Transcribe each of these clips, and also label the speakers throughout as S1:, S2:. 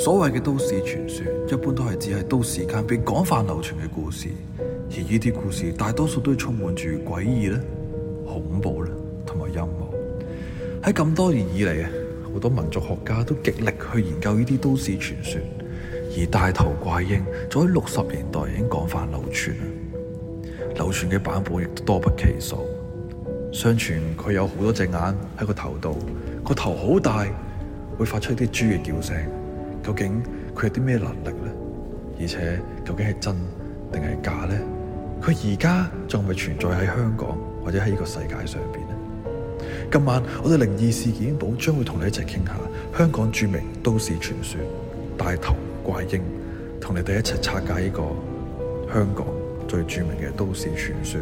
S1: 所謂嘅都市傳說，一般都係指係都市間被廣泛流傳嘅故事，而呢啲故事大多數都充滿住詭異咧、恐怖咧，同埋陰謀。喺咁多年以嚟啊，好多民俗學家都極力去研究呢啲都市傳說，而大頭怪嬰早喺六十年代已經廣泛流傳，流傳嘅版本亦都多不其數。相傳佢有好多隻眼喺個頭度，個頭好大，會發出啲豬嘅叫聲。究竟佢有啲咩能力呢？而且究竟係真定係假呢？佢而家仲係存在喺香港或者喺呢個世界上邊呢？今晚我哋靈異事件簿將會同你一齊傾下香港著名都市傳說大頭怪嬰，同你哋一齊拆解呢個香港最著名嘅都市傳說。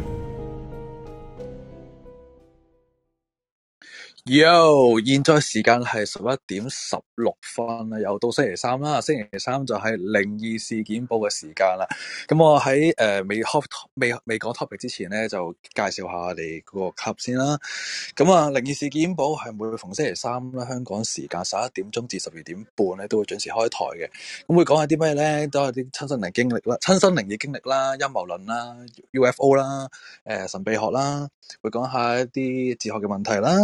S1: Yo，現在時間係十一點十六分啦，又到星期三啦。星期三就係靈異事件簿嘅時間啦。咁我喺誒未、呃、開未未講 topic 之前咧，就介紹下我哋嗰個 club 先啦。咁啊，靈異事件簿係每逢星期三啦，香港時間十一點鐘至十二點半咧都會準時開台嘅。咁會講下啲咩咧？都係啲親身靈經歷啦、親身靈異經歷啦、陰謀論啦、UFO 啦、呃、誒神秘學啦，會講下一啲哲學嘅問題啦，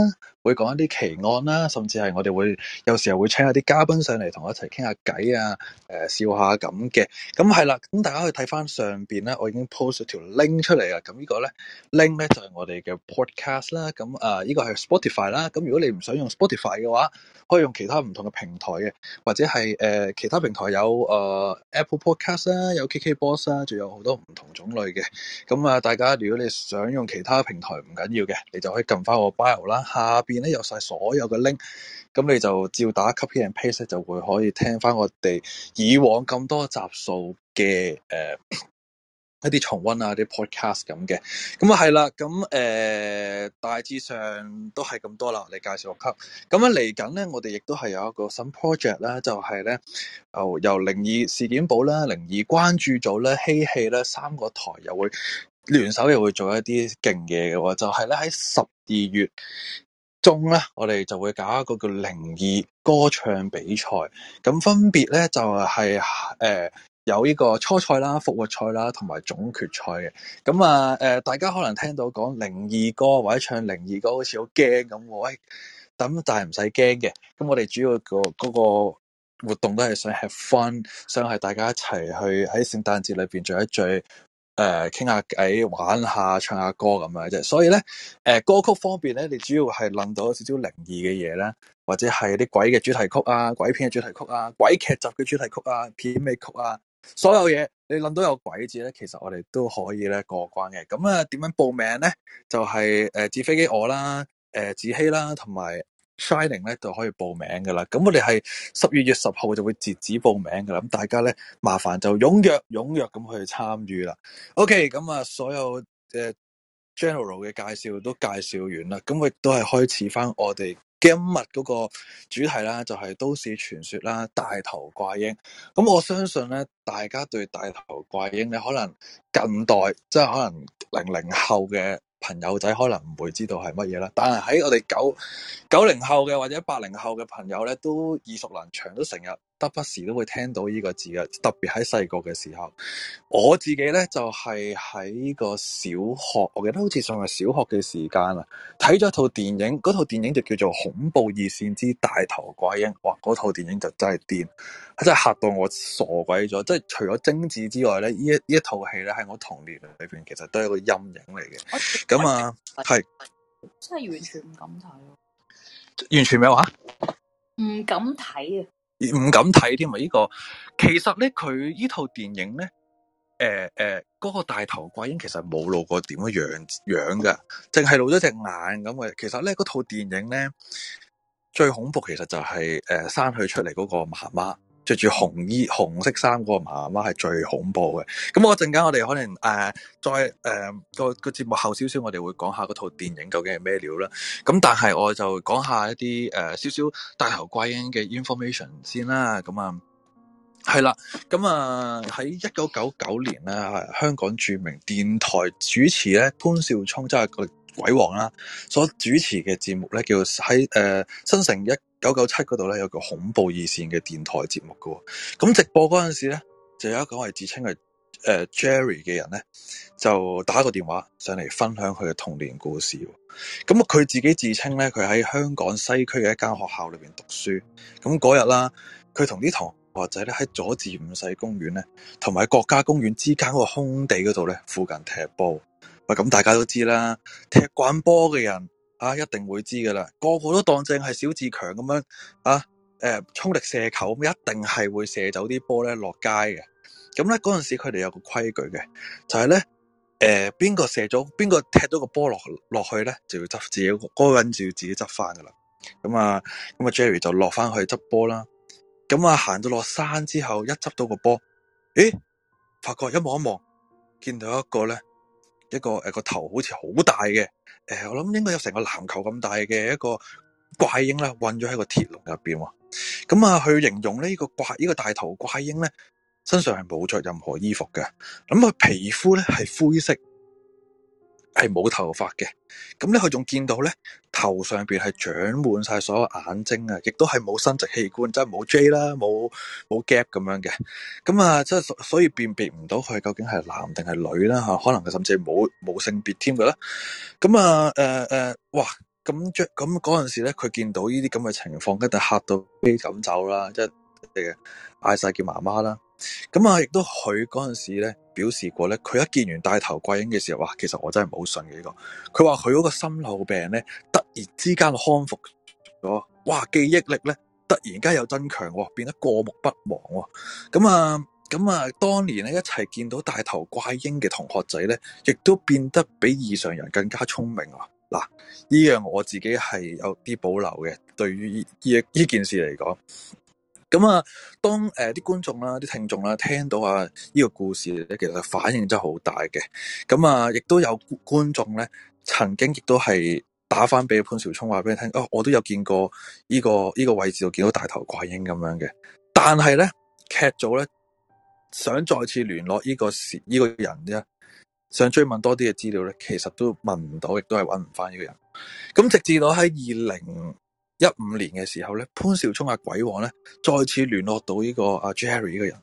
S1: 會。講一啲奇案啦，甚至係我哋會有時候會請一啲嘉賓上嚟同我一齊傾下偈啊，誒、呃、笑下咁嘅。咁係啦，咁大家可以睇翻上邊咧，我已經 post 咗條 link 出嚟啊。咁、嗯這個、呢個咧 link 咧就係、是、我哋嘅 podcast 啦。咁、嗯、啊，呢、呃這個係 Spotify 啦。咁、嗯、如果你唔想用 Spotify 嘅話，可以用其他唔同嘅平台嘅，或者係誒、呃、其他平台有誒、呃、Apple Podcast 啦，有 KKBox 啦，仲有好多唔同種類嘅。咁、嗯、啊、呃，大家如果你想用其他平台唔緊要嘅，你就可以撳翻我 bio 啦。下邊。咧有晒所有嘅 link，咁你就照打 copy and paste，就會可以聽翻我哋以往咁多集數嘅誒、呃、一啲重溫啊，啲 podcast 咁嘅。咁啊係啦，咁誒、呃、大致上都係咁多啦，你介紹我聽。咁啊嚟緊咧，我哋亦都係有一個新 project 啦，就係咧由由靈異事件簿啦、靈異關注組咧、嬉戲咧三個台又會聯手又會做一啲勁嘢嘅。就係咧喺十二月。中咧，我哋就會搞一個叫靈異歌唱比賽，咁分別咧就係、是、誒、呃、有呢個初賽啦、復活賽啦同埋總決賽嘅。咁啊誒，大家可能聽到講靈異歌或者唱靈異歌好似好驚咁，喂，等但係唔使驚嘅。咁我哋主要個嗰個活動都係想 have fun，想係大家一齊去喺聖誕節裏邊聚一聚。誒，傾、呃、下偈，玩下，唱下歌咁樣啫。所以咧，誒、呃，歌曲方面咧，你主要係諗到少少靈異嘅嘢啦，或者係啲鬼嘅主題曲啊，鬼片嘅主題曲啊，鬼劇集嘅主題曲啊，片尾曲啊，所有嘢你諗到有鬼字咧，其實我哋都可以咧過關嘅。咁啊，點樣報名咧？就係、是、誒，紙、呃、飛機我啦，誒、呃，子希啦，同埋。Shining 咧就可以報名嘅啦，咁我哋係十二月十號就會截止報名嘅啦，咁大家咧麻煩就踴躍踴躍咁去參與啦。OK，咁啊，所有嘅 general 嘅介紹都介紹完啦，咁我亦都係開始翻我哋今日 m 嗰個主題啦，就係、是、都市傳說啦，大頭怪嬰。咁我相信咧，大家對大頭怪嬰，咧可能近代即係可能零零後嘅。朋友仔可能唔會知道係乜嘢啦，但係喺我哋九九零後嘅或者八零後嘅朋友咧，都耳熟能詳，都成日。不時都會聽到呢個字嘅，特別喺細個嘅時候，我自己咧就係、是、喺個小學，我記得好似上係小學嘅時間啊，睇咗一套電影，嗰套電影就叫做《恐怖熱線之大頭怪嬰》，哇！嗰套電影就真係癲，真係嚇到我傻鬼咗，即係除咗貞子之外咧，一一呢一呢一套戲咧喺我童年裏邊其實都係個陰影嚟嘅。咁啊，係
S2: 是真係完全唔敢睇、啊，
S1: 完全咩話？
S2: 唔敢睇啊！
S1: 唔敢睇添啊！呢、這個其實咧，佢呢套電影咧，誒、呃、誒，呃嗰個大頭怪嬰其實冇露過點樣樣嘅，淨係露咗隻眼咁嘅。其實咧，套電影咧最恐怖，其實就係、是、誒、呃、生佢出嚟嗰個媽媽。着住紅衣紅色衫嗰個媽媽係最恐怖嘅。咁、嗯、我陣間我哋可能誒、呃、再誒、呃、個個節目後少少，我哋會講下嗰套電影究竟係咩料啦。咁、嗯、但係我就講下一啲誒、呃、少少大頭怪嬰嘅 information 先啦。咁、嗯、啊，係、嗯、啦。咁啊喺一九九九年咧，香港著名電台主持咧潘紹聰即係個鬼王啦，所主持嘅節目咧叫喺誒、呃、新城一九九七嗰度咧有個恐怖熱線嘅電台節目噶、哦，咁直播嗰陣時咧，就有一個我自稱係誒 Jerry 嘅人咧，就打個電話上嚟分享佢嘅童年故事、哦。咁佢自己自稱咧，佢喺香港西區嘅一間學校裏邊讀書。咁嗰日啦，佢同啲同學仔咧喺佐治五世公園咧，同埋國家公園之間嗰個空地嗰度咧，附近踢波。喂、嗯，咁大家都知啦，踢慣波嘅人。啊，一定會知噶啦，個個都當正係小志強咁樣啊，誒、呃，衝力射球咁，一定係會射走啲波咧落街嘅。咁咧嗰陣時佢哋有個規矩嘅，就係、是、咧，誒、呃，邊個射咗，邊個踢咗個波落落去咧，就要執自己嗰個人就要自己執翻噶啦。咁、嗯、啊，咁啊，Jerry 就落翻去執波啦。咁、嗯、啊，行到落山之後，一執到個波，誒，發覺一望一望，見到一個咧，一個誒個、呃、個頭好似好大嘅。誒、呃，我諗應該有成個籃球咁大嘅一個怪嬰啦，困咗喺個鐵籠入邊。咁啊，去形容呢個怪呢、呢個大頭怪嬰咧，身上係冇着任何衣服嘅。咁、啊、佢皮膚咧係灰色。係冇頭髮嘅，咁咧佢仲見到咧頭上邊係長滿晒所有眼睛啊，亦都係冇生殖器官，即係冇 J 啦，冇冇 gap 咁樣嘅，咁啊，即係所以辨別唔到佢究竟係男定係女啦吓、啊，可能佢甚至冇冇性別添噶啦，咁啊，誒、呃、誒、呃，哇，咁即咁嗰陣時咧，佢見到呢啲咁嘅情況，跟住嚇到飛咁走啦，即係嗌晒叫媽媽啦，咁啊，亦都佢嗰陣時咧。表示過咧，佢一見完大頭怪嬰嘅時候，哇！其實我真係唔好信嘅呢個。佢話佢嗰個心漏病咧，突然之間康復咗，哇！記憶力咧，突然間又增強，變得過目不忘。咁啊，咁啊，啊，當年咧一齊見到大頭怪嬰嘅同學仔咧，亦都變得比異常人更加聰明喎。嗱，呢樣我自己係有啲保留嘅，對於呢呢件事嚟講。咁啊，嗯，當誒啲、呃、觀眾啦、啲聽眾啦聽到啊呢個故事咧，其實反應真係好大嘅。咁，嗯、啊，亦都有觀眾咧，曾經亦都係打翻俾潘紹聰話俾你聽，哦，我都有見過呢、呢個呢、呢個位置度見到大頭怪嬰咁樣嘅。但係咧，劇組咧想再次聯絡呢、呢個事呢、呢個人咧，想追問多啲嘅資料咧，其實都問唔到，亦都係搵唔翻呢個人。咁，嗯、直至到喺二零一五年嘅時候咧，潘兆聰啊鬼王咧再次聯絡到呢個阿 Jerry 呢個人，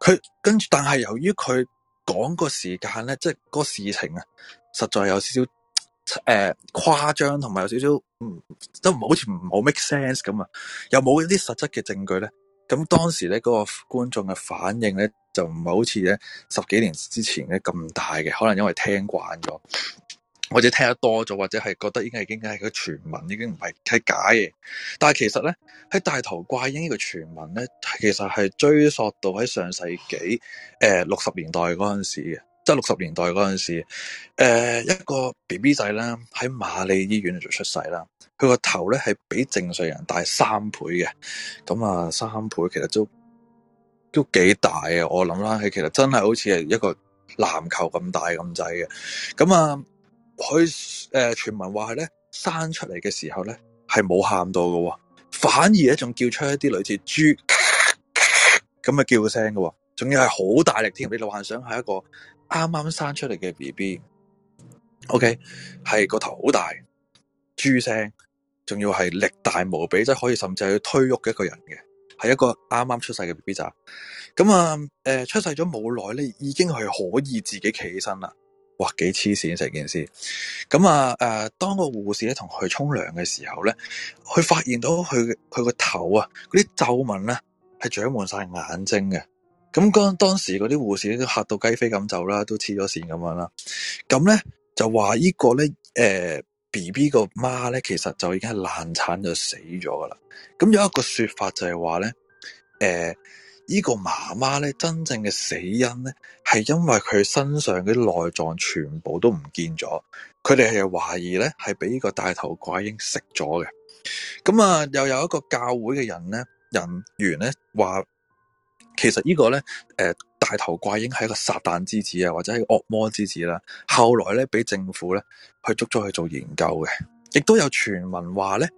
S1: 佢跟住，但係由於佢講個時間咧，即係嗰個事情啊，實在有少少誒誇張，同、呃、埋有少少、嗯、都唔係好似唔好 make sense 咁啊，又冇一啲實質嘅證據咧，咁當時咧嗰、那個觀眾嘅反應咧就唔係好似咧十幾年之前咧咁大嘅，可能因為聽慣咗。或者聽得多咗，或者係覺得已經係已經係個傳聞，已經唔係係假嘅。但係其實咧，喺大頭怪嬰呢個傳聞咧，其實係追溯到喺上世紀誒六十年代嗰陣時嘅，即係六十年代嗰陣時誒一個 B B 仔咧喺瑪麗醫院度出世啦。佢個頭咧係比正常人大三倍嘅，咁啊三倍其實都都幾大嘅，啊。我諗翻起，其實真係好似係一個籃球咁大咁滯嘅，咁啊。佢誒，傳聞話係咧生出嚟嘅時候咧係冇喊到嘅，反而咧仲叫出一啲類似豬咁嘅叫聲嘅，仲要係好大力添。你幻想係一個啱啱生出嚟嘅 B B，OK 係個頭好大，豬聲，仲要係力大無比，即係可以甚至去推喐一個人嘅，係一個啱啱出世嘅 B B 咋咁啊，誒、嗯，出世咗冇耐咧，已經係可以自己企起身啦。哇，幾黐線成件事，咁、嗯、啊誒，當個護士咧同佢沖涼嘅時候咧，佢發現到佢佢個頭啊，嗰啲皺紋咧係長滿晒眼睛嘅，咁、嗯、當當時嗰啲護士都吓到雞飛咁走啦，都黐咗線咁樣啦，咁咧就話呢個咧誒 B B 個媽咧，其實就已經係爛產，就死咗噶啦，咁、嗯、有一個說法就係話咧誒。呃呢個媽媽咧真正嘅死因咧係因為佢身上嗰啲內臟全部都唔見咗，佢哋係懷疑咧係俾呢個大頭怪嬰食咗嘅。咁、嗯、啊，又有一個教會嘅人咧人員咧話，其實個呢個咧誒大頭怪嬰係一個撒旦之子啊，或者係惡魔之子啦。後來咧俾政府咧去捉咗去做研究嘅。亦都有傳聞話咧，誒、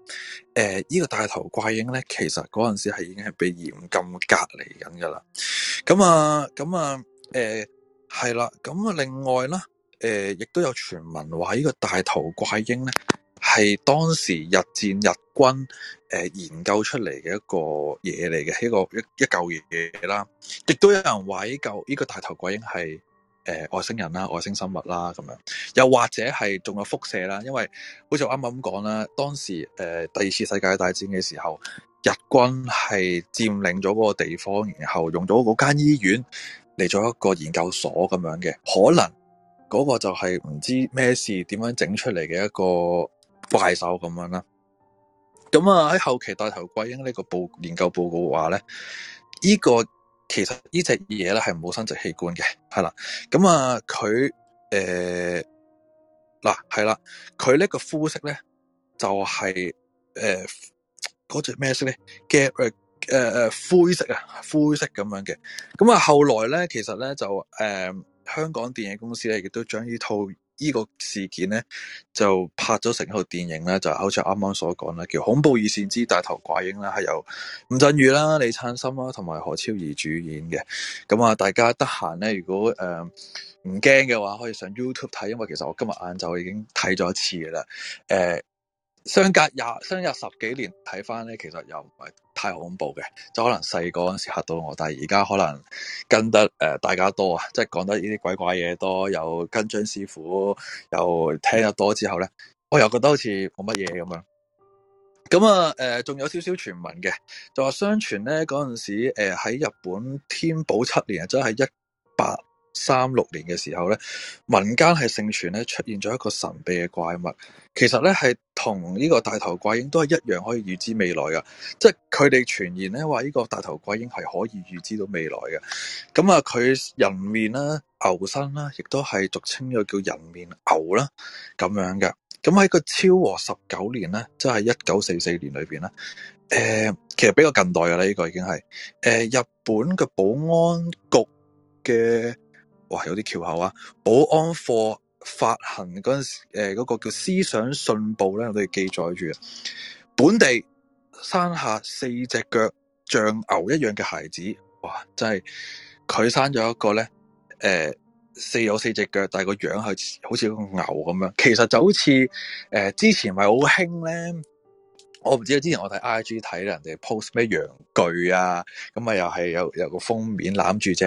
S1: 呃，呢個大頭怪嬰咧，其實嗰陣時係已經係被嚴禁隔離緊噶啦。咁啊，咁啊，誒，係啦。咁啊，另外啦，誒、呃，亦都有傳聞話呢個大頭怪嬰咧，係當時日戰日軍誒、呃、研究出嚟嘅一個嘢嚟嘅，係一個一一舊嘢啦。亦都有人話呢舊呢個大頭怪嬰係。誒、呃，外星人啦，外星生物啦，咁樣又或者係仲有輻射啦，因為好似我啱啱咁講啦，當時誒、呃、第二次世界大戰嘅時候，日軍係佔領咗嗰個地方，然後用咗嗰間醫院嚟做一個研究所咁樣嘅，可能嗰個就係唔知咩事點樣整出嚟嘅一個怪獸咁樣啦。咁啊喺後期大頭怪嬰呢個報研究報告話咧，呢、這個其實呢隻嘢咧係冇生殖器官嘅。係啦，咁、嗯呃、啊佢誒嗱係啦，佢呢個膚色咧就係誒嗰隻咩色咧嘅誒誒誒灰色啊灰色咁樣嘅，咁、嗯、啊後來咧其實咧就誒香港電影公司咧亦都將呢套。呢個事件咧就拍咗成套電影咧，就是、好似啱啱所講啦，叫《恐怖二線之大頭怪嬰》啦，係由吳鎮宇啦、李燦森啦同埋何超儀主演嘅。咁、嗯、啊，大家得閒咧，如果誒唔驚嘅話，可以上 YouTube 睇，因為其實我今日晏晝已經睇咗一次嘅啦。誒、呃，相隔廿相隔十幾年睇翻咧，其實又唔係。太恐怖嘅，就可能細個嗰陣時吓到我，但係而家可能跟得誒、呃、大家多啊，即係講得呢啲鬼怪嘢多，又跟張師傅又聽得多之後咧，我又覺得好似冇乜嘢咁樣。咁啊，誒、呃、仲有少少傳聞嘅，就話相傳咧嗰陣時誒喺、呃、日本天保七年啊，即係一八。三六年嘅時候咧，民間係盛傳咧，出現咗一個神秘嘅怪物，其實咧係同呢個大頭怪嬰都係一樣可以預知未來噶，即係佢哋傳言咧話呢個大頭怪嬰係可以預知到未來嘅，咁啊佢人面啦、牛身啦，亦都係俗稱咗叫人面牛啦咁樣嘅，咁、嗯、喺個昭和十九年咧，即係一九四四年裏邊咧，誒、呃，其實比較近代嘅啦，呢、這個已經係誒、呃、日本嘅保安局嘅。哇，有啲巧口啊！保安課發行嗰陣時，誒、呃，嗰個叫思想信報咧，我都記載住啊。本地生下四隻腳像牛一樣嘅孩子，哇，真係佢生咗一個咧，誒、呃，四有四隻腳，但係個樣係好似嗰個牛咁樣。其實就好似誒、呃，之前咪好興咧。我唔知啊，之前我睇 IG 睇人哋 post 咩羊具啊，咁啊又係有有個封面攬住隻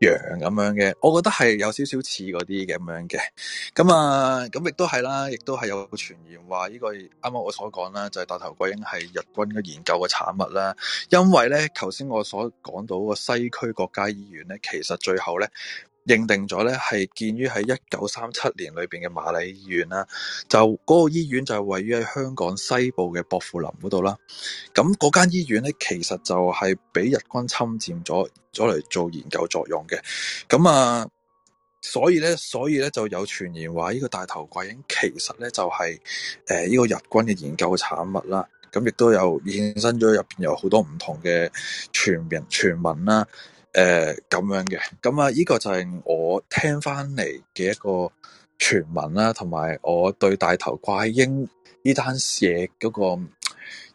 S1: 羊咁樣嘅，我覺得係有少少似嗰啲咁樣嘅，咁啊咁亦都係啦，亦都係有傳言話呢個啱啱我所講啦，就係大頭怪嬰係日軍嘅研究嘅產物啦，因為咧頭先我所講到個西區國家醫院咧，其實最後咧。認定咗咧，係建於喺一九三七年裏邊嘅瑪麗醫院啦，就嗰、嗰個醫院就係位於喺香港西部嘅薄扶林嗰度啦。咁嗰間醫院咧，其實就係俾日軍侵佔咗，咗嚟做研究作用嘅。咁啊，所以咧，所以咧就有傳言話，呢個大頭怪嬰其實咧就係誒呢個日軍嘅研究產物啦。咁亦都有衍生咗入邊，有好多唔同嘅傳言傳聞啦。誒，咁、呃、樣嘅，咁、嗯、啊，呢、這個就係我聽翻嚟嘅一個傳聞啦、啊，同埋我對大頭怪嬰呢單嘢嗰個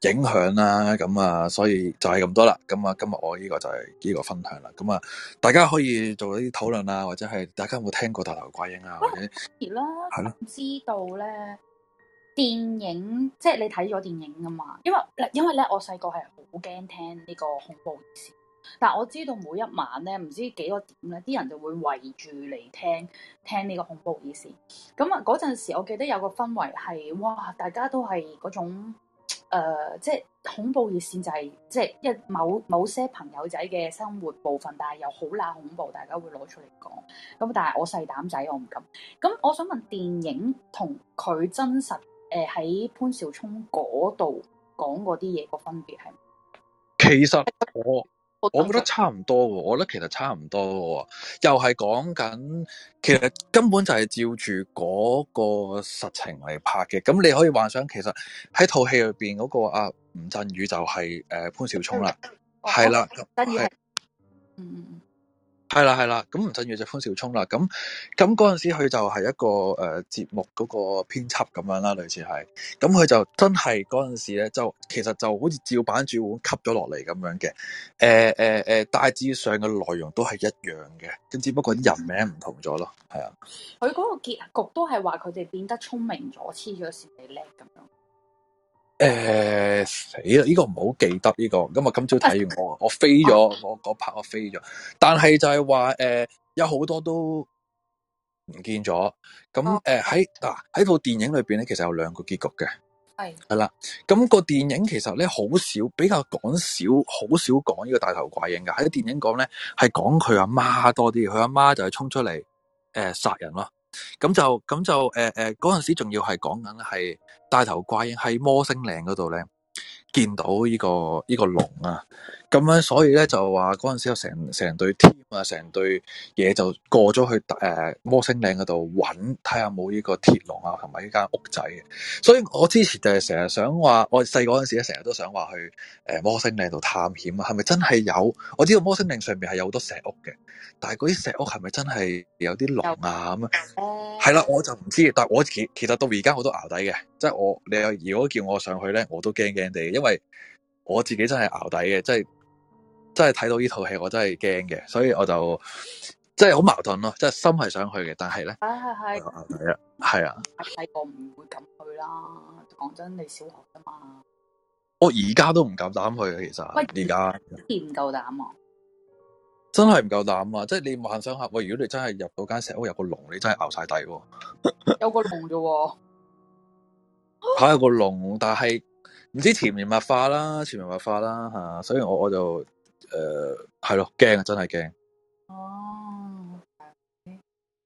S1: 影響啦、啊，咁、嗯、啊、嗯，所以就係咁多啦。咁、嗯、啊，今日我呢個就係呢個分享啦。咁、嗯、啊，大家可以做一啲討論啊，或者係大家有冇聽過大頭怪嬰啊？或
S2: 者，啦、啊，係咯者，知道咧，電影即係你睇咗電影噶嘛？因為因為咧，我細個係好驚聽呢個恐怖嘅事。但我知道每一晚咧，唔知幾多點咧，啲人就會圍住嚟聽聽呢個恐怖熱線。咁、嗯、啊，嗰陣時我記得有個氛圍係哇，大家都係嗰種、呃、即係恐怖熱線就係、是、即係一某某些朋友仔嘅生活部分，但係又好乸恐怖，大家會攞出嚟講。咁、嗯、但係我細膽仔，我唔敢。咁、嗯、我想問電影同佢真實誒喺、呃、潘兆聰嗰度講嗰啲嘢個分別係？
S1: 其實我。我覺得差唔多，我覺得其實差唔多嘅，又係講緊，其實根本就係照住嗰個實情嚟拍嘅。咁你可以幻想，其實喺套戲裏邊嗰個阿吳鎮宇就係誒潘小聰、 哦、啦，係啦，係是，嗯嗯。係啦，係啦，咁吳鎮宇就潘小聰啦，咁咁嗰陣時佢就係一個誒、呃、節目嗰個編輯咁樣啦，類似係，咁佢就真係嗰陣時咧，就其實就好似照板煮碗吸咗落嚟咁樣嘅，誒誒誒、呃呃、大致上嘅內容都係一樣嘅，咁只不過人名唔同咗咯，係啊、嗯，
S2: 佢嗰個結局都係話佢哋變得聰明咗，黐咗線幾叻咁樣。
S1: 誒，死啦、呃！呢、這個唔好記得呢、這個。今日今朝睇完我， 我飛咗，我拍我飛咗。但係就係話，誒、呃，有好多都唔見咗。咁誒喺嗱喺部電影裏邊咧，其實有兩個結局嘅。係係啦，咁、那個電影其實咧好少，比較講少，好少講呢個大頭怪嬰噶喺個電影講咧，係講佢阿媽多啲，佢阿媽就係衝出嚟，誒、呃，殺人咯。咁就咁就誒誒，陣、呃呃、時仲要係講緊咧，係大頭怪喺摩星嶺度咧。見到呢個呢個籠啊，咁樣所以咧就話嗰陣時有成成隊 team 啊，成隊嘢就過咗去誒，摩星嶺嗰度搵，睇下冇呢個鐵籠啊，同埋呢間屋仔。所以我之前就係成日想話，我細個嗰陣時咧，成日都想話去誒摩星嶺度探險啊，係咪真係有？我知道摩星嶺上面係有好多石屋嘅，但係嗰啲石屋係咪真係有啲籠啊咁啊？
S3: 係啦、呃，我就唔
S1: 知，但係我其實，其實到而家我都淆底嘅，即係我你又如果叫我上去咧，我都驚驚地。因為我自己真係淆底嘅，即係真係睇到呢套戲，我真係驚嘅，所以我就真係好矛盾咯，即係心係想去嘅，但係咧，
S2: 係係係，係啊，係啊，細個唔會咁去啦。講真，你小學啫嘛，
S1: 我而家都唔夠膽去啊，其實而家你唔夠膽啊，真係唔夠膽啊！即係你幻想下，喂，如果你真係入到間石屋入個籠，你真係淆晒底喎，
S2: 有個籠啫，啊，喎
S1: 係有個籠，但係。 唔知甜面物化啦，全面物化啦嚇、啊，所以我我就誒係咯，驚、呃、啊，真係驚。
S2: 哦，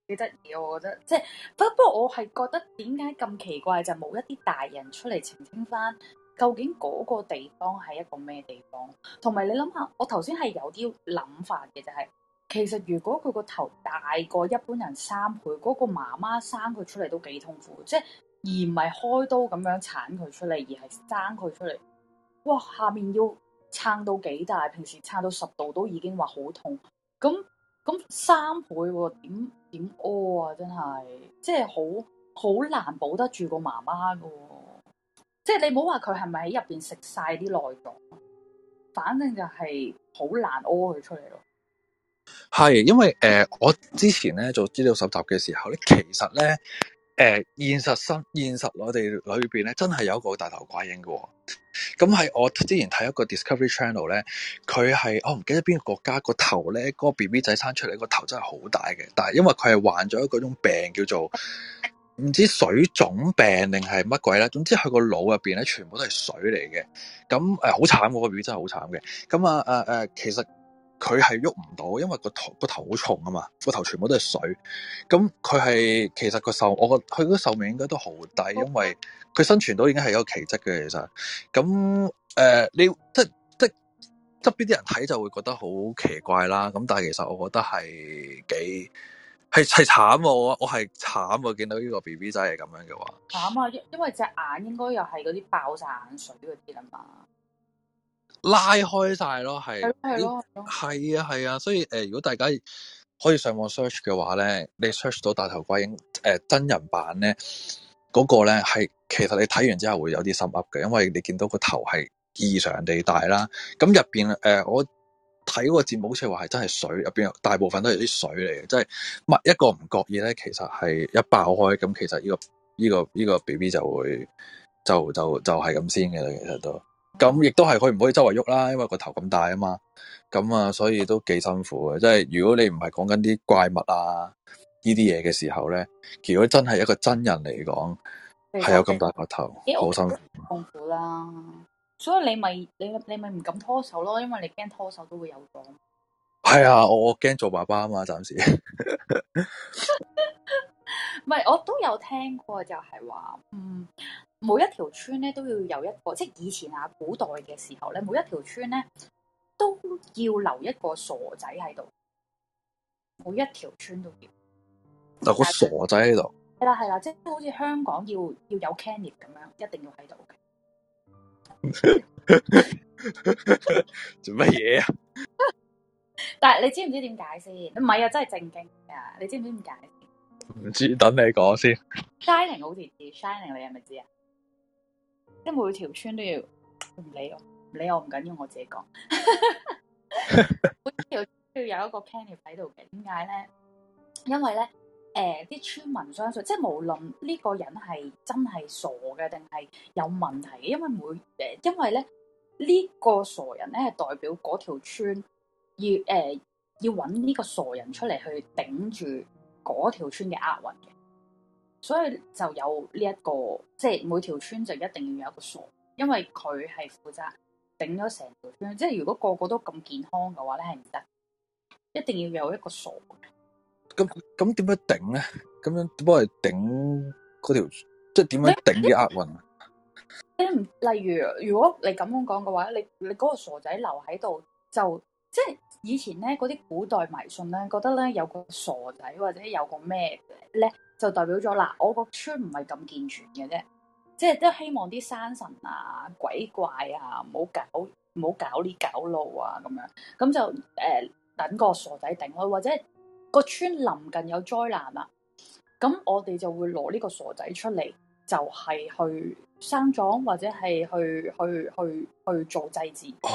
S2: 幾得意啊！我覺得即係不不過我係覺得點解咁奇怪？就冇、是、一啲大人出嚟澄清翻，究竟嗰個地方係一個咩地方？同埋你諗下，我頭先係有啲諗法嘅，就係、是、其實如果佢個頭大過一般人三倍，嗰、嗰個媽媽生佢出嚟都幾痛苦，即係。而唔係開刀咁樣鏟佢出嚟，而係掙佢出嚟。哇！下面要撐到幾大？平時撐到十度都已經話好痛。咁咁三倍點點屙啊！真係，即係好好難保得住個媽媽喎。即係你唔好話佢係咪喺入邊食晒啲內臟，反正就係好難屙佢出嚟咯。
S1: 係，因為誒、呃，我之前咧做資料搜集嘅時候咧，其實咧。誒、呃，現實生現實我哋裏邊咧，真係有一個大頭怪嬰嘅。咁係我之前睇一個 Discovery Channel 咧，佢係我唔記得邊個國家，個頭咧，嗰、個 B B 仔生出嚟，個頭真係好大嘅。但係因為佢係患咗一種病叫做唔知水腫病定係乜鬼咧。總之佢個腦入邊咧全部都係水嚟嘅。咁誒好慘，嗰、呃個 B B 真係好慘嘅。咁啊誒誒，其實。佢係喐唔到，因為個頭個頭好重啊嘛，個頭全部都係水，咁佢係其實個壽，我覺佢個壽命應該都好低，因為佢生存到已經係一個奇跡嘅其實，咁、嗯、誒、呃、你即即側邊啲人睇就會覺得好奇怪啦，咁但係其實我覺得係幾係係慘，我我係慘見到呢個 B B 仔係咁樣嘅話，慘
S2: 啊，因因為隻眼應該又係嗰啲爆晒眼水嗰啲啦嘛。
S1: 拉開晒咯，係係咯，係啊係啊，所以誒、呃，如果大家可以上網 search 嘅話咧，你 search 到大頭怪嬰誒、呃、真人版咧，嗰、那個咧係其實你睇完之後會有啲心噏嘅，因為你見到個頭係異常地大啦。咁入邊誒，我睇嗰個節目好似話係真係水，入邊大部分都係啲水嚟嘅，即係唔一個唔覺意咧，其實係一爆開咁，其實呢、這個呢、這個呢、這個、這個、B B 就會就就就係咁先嘅啦，其實都。咁亦都係佢唔可以周圍喐啦，因為個頭咁大啊嘛，咁啊所以都幾辛苦嘅。即係如果你唔係講緊啲怪物啊呢啲嘢嘅時候咧，如果真係一個真人嚟講，
S3: 係有咁大
S1: 個頭，好辛
S2: 苦，痛苦啦。所以你咪你你咪唔敢拖手咯，因為你驚拖手都會有咗。
S1: 係啊、哎，我我驚做爸爸啊嘛，暫時。
S2: 唔係，我都有聽過，就係話，
S3: 嗯，
S2: 每一條村咧都要有一個，即係以前啊古代嘅時候咧，每一條村咧都要留一個傻仔喺度，每一條村都要。
S1: 但個傻仔喺度。
S2: 係啦係啦，即係好似香港要要有 canny 咁樣，一定要喺度。做乜嘢啊？但係你知唔知點解先？唔係啊，真係正經噶，你知唔知點解？
S1: 唔知等你講先。
S2: Shining 好似，Shining 你係咪知啊？即係每條村都要唔理我，唔理我唔緊要，我自己講。 每條都要有一個 panic 喺度嘅，點解咧？因為咧，誒、呃，啲村民相信，即係無論呢個人係真係傻嘅，定係有問題嘅，因為每誒，因為咧呢、這個傻人咧係代表嗰條村要誒、呃、要揾呢個傻人出嚟去頂住。嗰條村嘅厄運嘅，所以就有呢、這、一個，即係每條村就一定要有一個傻，因為佢係負責頂咗成條村。即係如果個個都咁健康嘅話咧，係唔得，一定要有一個傻。
S1: 咁咁點樣頂咧？咁樣點幫佢頂嗰條，即係點樣頂啲厄運
S2: 啊？你唔例如，如果你咁樣講嘅話，你你嗰個傻仔留喺度，就即係。以前咧嗰啲古代迷信咧，覺得咧有個傻仔或者有個咩咧，就代表咗啦、啊，我個村唔係咁健全嘅啫，即係都希望啲山神啊、鬼怪啊，唔好搞唔好搞呢搞路啊咁樣，咁、嗯、就誒、呃、等個傻仔頂咯，或者個村臨近有災難啦、啊，咁、嗯、我哋就會攞呢個傻仔出嚟。就係去生咗，或者係去去去去做祭祀哦，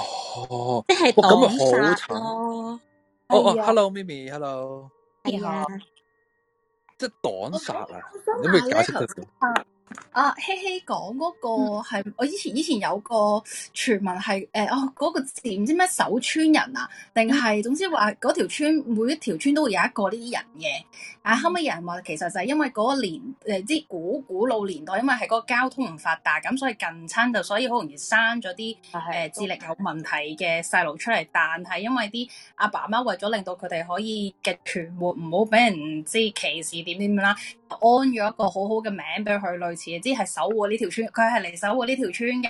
S3: 哦即係咁咪好慘咯。哦哦
S1: ，hello，Mimi，hello，你好，即係擋殺啊？有咩解釋得到？
S3: 啊，希希
S2: 講嗰個係我、嗯、以前以前有個傳聞係誒，哦、呃、嗰、嗰個字唔知咩守村人啊，定係總之話嗰條村每一條村都會有一個呢啲人嘅。啊後尾有人話其實就係因為嗰個年誒即係、呃、古古老年代，因為係嗰個交通唔發達，咁所以近親就所以好容易生咗啲誒智力有問題嘅細路出嚟。但係因為啲阿爸阿媽為咗令到佢哋可以極權活，唔好俾人即係歧視點點啦。怎樣怎樣安咗一個好好嘅名俾佢，類似即係守護呢條村，佢係嚟守護呢條村噶，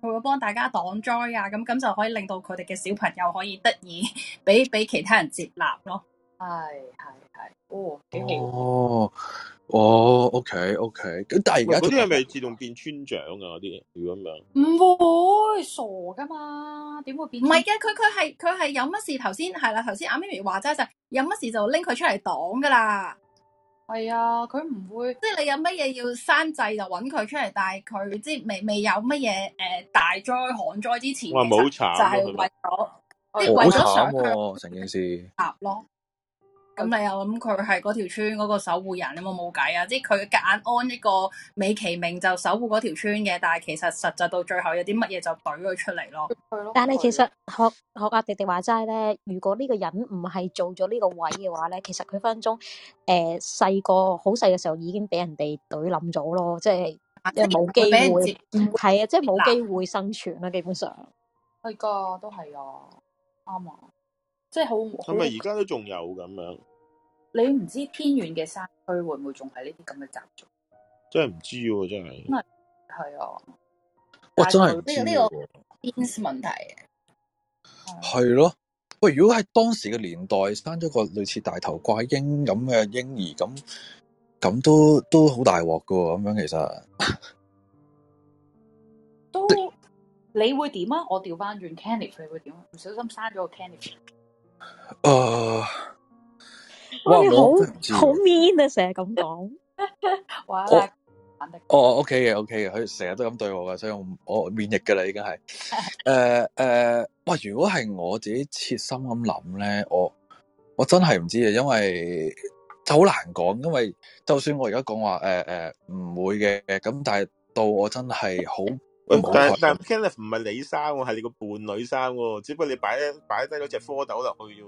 S2: 佢會幫大家擋災啊，咁咁就可以令到佢哋嘅小朋友可以得以俾俾其他人接納咯。
S4: 係
S1: 係係，哦，幾好。哦。哦，OK OK，咁但係而家嗰
S4: 啲係咪自動變村長啊？嗰啲如果咁樣，
S2: 唔會，傻噶嘛，點會變？唔係嘅，佢佢係佢係有乜事頭先係啦，頭先阿咪咪話齋就，有乜事就拎佢出嚟擋噶啦。係啊，佢唔會，即係你有乜嘢要山際就揾佢出嚟，但係佢即係未未有乜嘢誒大災旱災之前，喂就係為咗即係為咗上佢成件事。啊咁你又諗佢係嗰條村嗰個守護人，你有冇冇計啊？即係佢夾硬安一個美其名就守護嗰條村嘅，但係其實實際到最後有啲乜嘢就懟咗出嚟咯。咯。但係
S5: 其實學
S2: 學阿迪迪話齋咧，如果呢個人唔係做咗呢個位嘅話咧，其實佢分分鐘誒細個好細嘅時候已經俾人哋懟冧咗咯，即係即係冇機會，係啊，即係冇機會生存啦，基本上係噶，都係啊，啱啊。即係好，係咪而家
S4: 都仲有咁樣？
S2: 你唔知偏遠嘅山區會唔會仲係呢啲咁嘅習俗？真係唔、
S4: 哦、大概 知喎，真係、
S2: 這個。係啊，
S4: 哇！真係呢個呢
S2: 個邊事問題？
S1: 係咯，喂！如果喺當時嘅年代生咗個類似大頭怪嬰咁嘅嬰兒，咁咁都都好大鑊噶，咁樣其實
S2: 都 你會點啊？我掉翻轉 Candy，你會點？唔小心生咗個 Candy。
S3: 誒
S1: ，uh, 哇，
S3: 哇我好
S2: 好 mean 啊，成日咁講。
S1: 哇， 哦，OK 嘅，OK 嘅，佢成日都咁對我噶，所以我我免疫噶啦，已經係。誒誒，哇， uh, uh, 如果係我自己切心咁諗咧，我我真係唔知嘅，因為就好難講，因為就算我而家講話誒誒唔會嘅，咁但係到我
S4: 真係好。 但但 Kenneth 唔係你生，係你個伴侶生，只不過你擺擺低咗隻蝌蚪落去啫。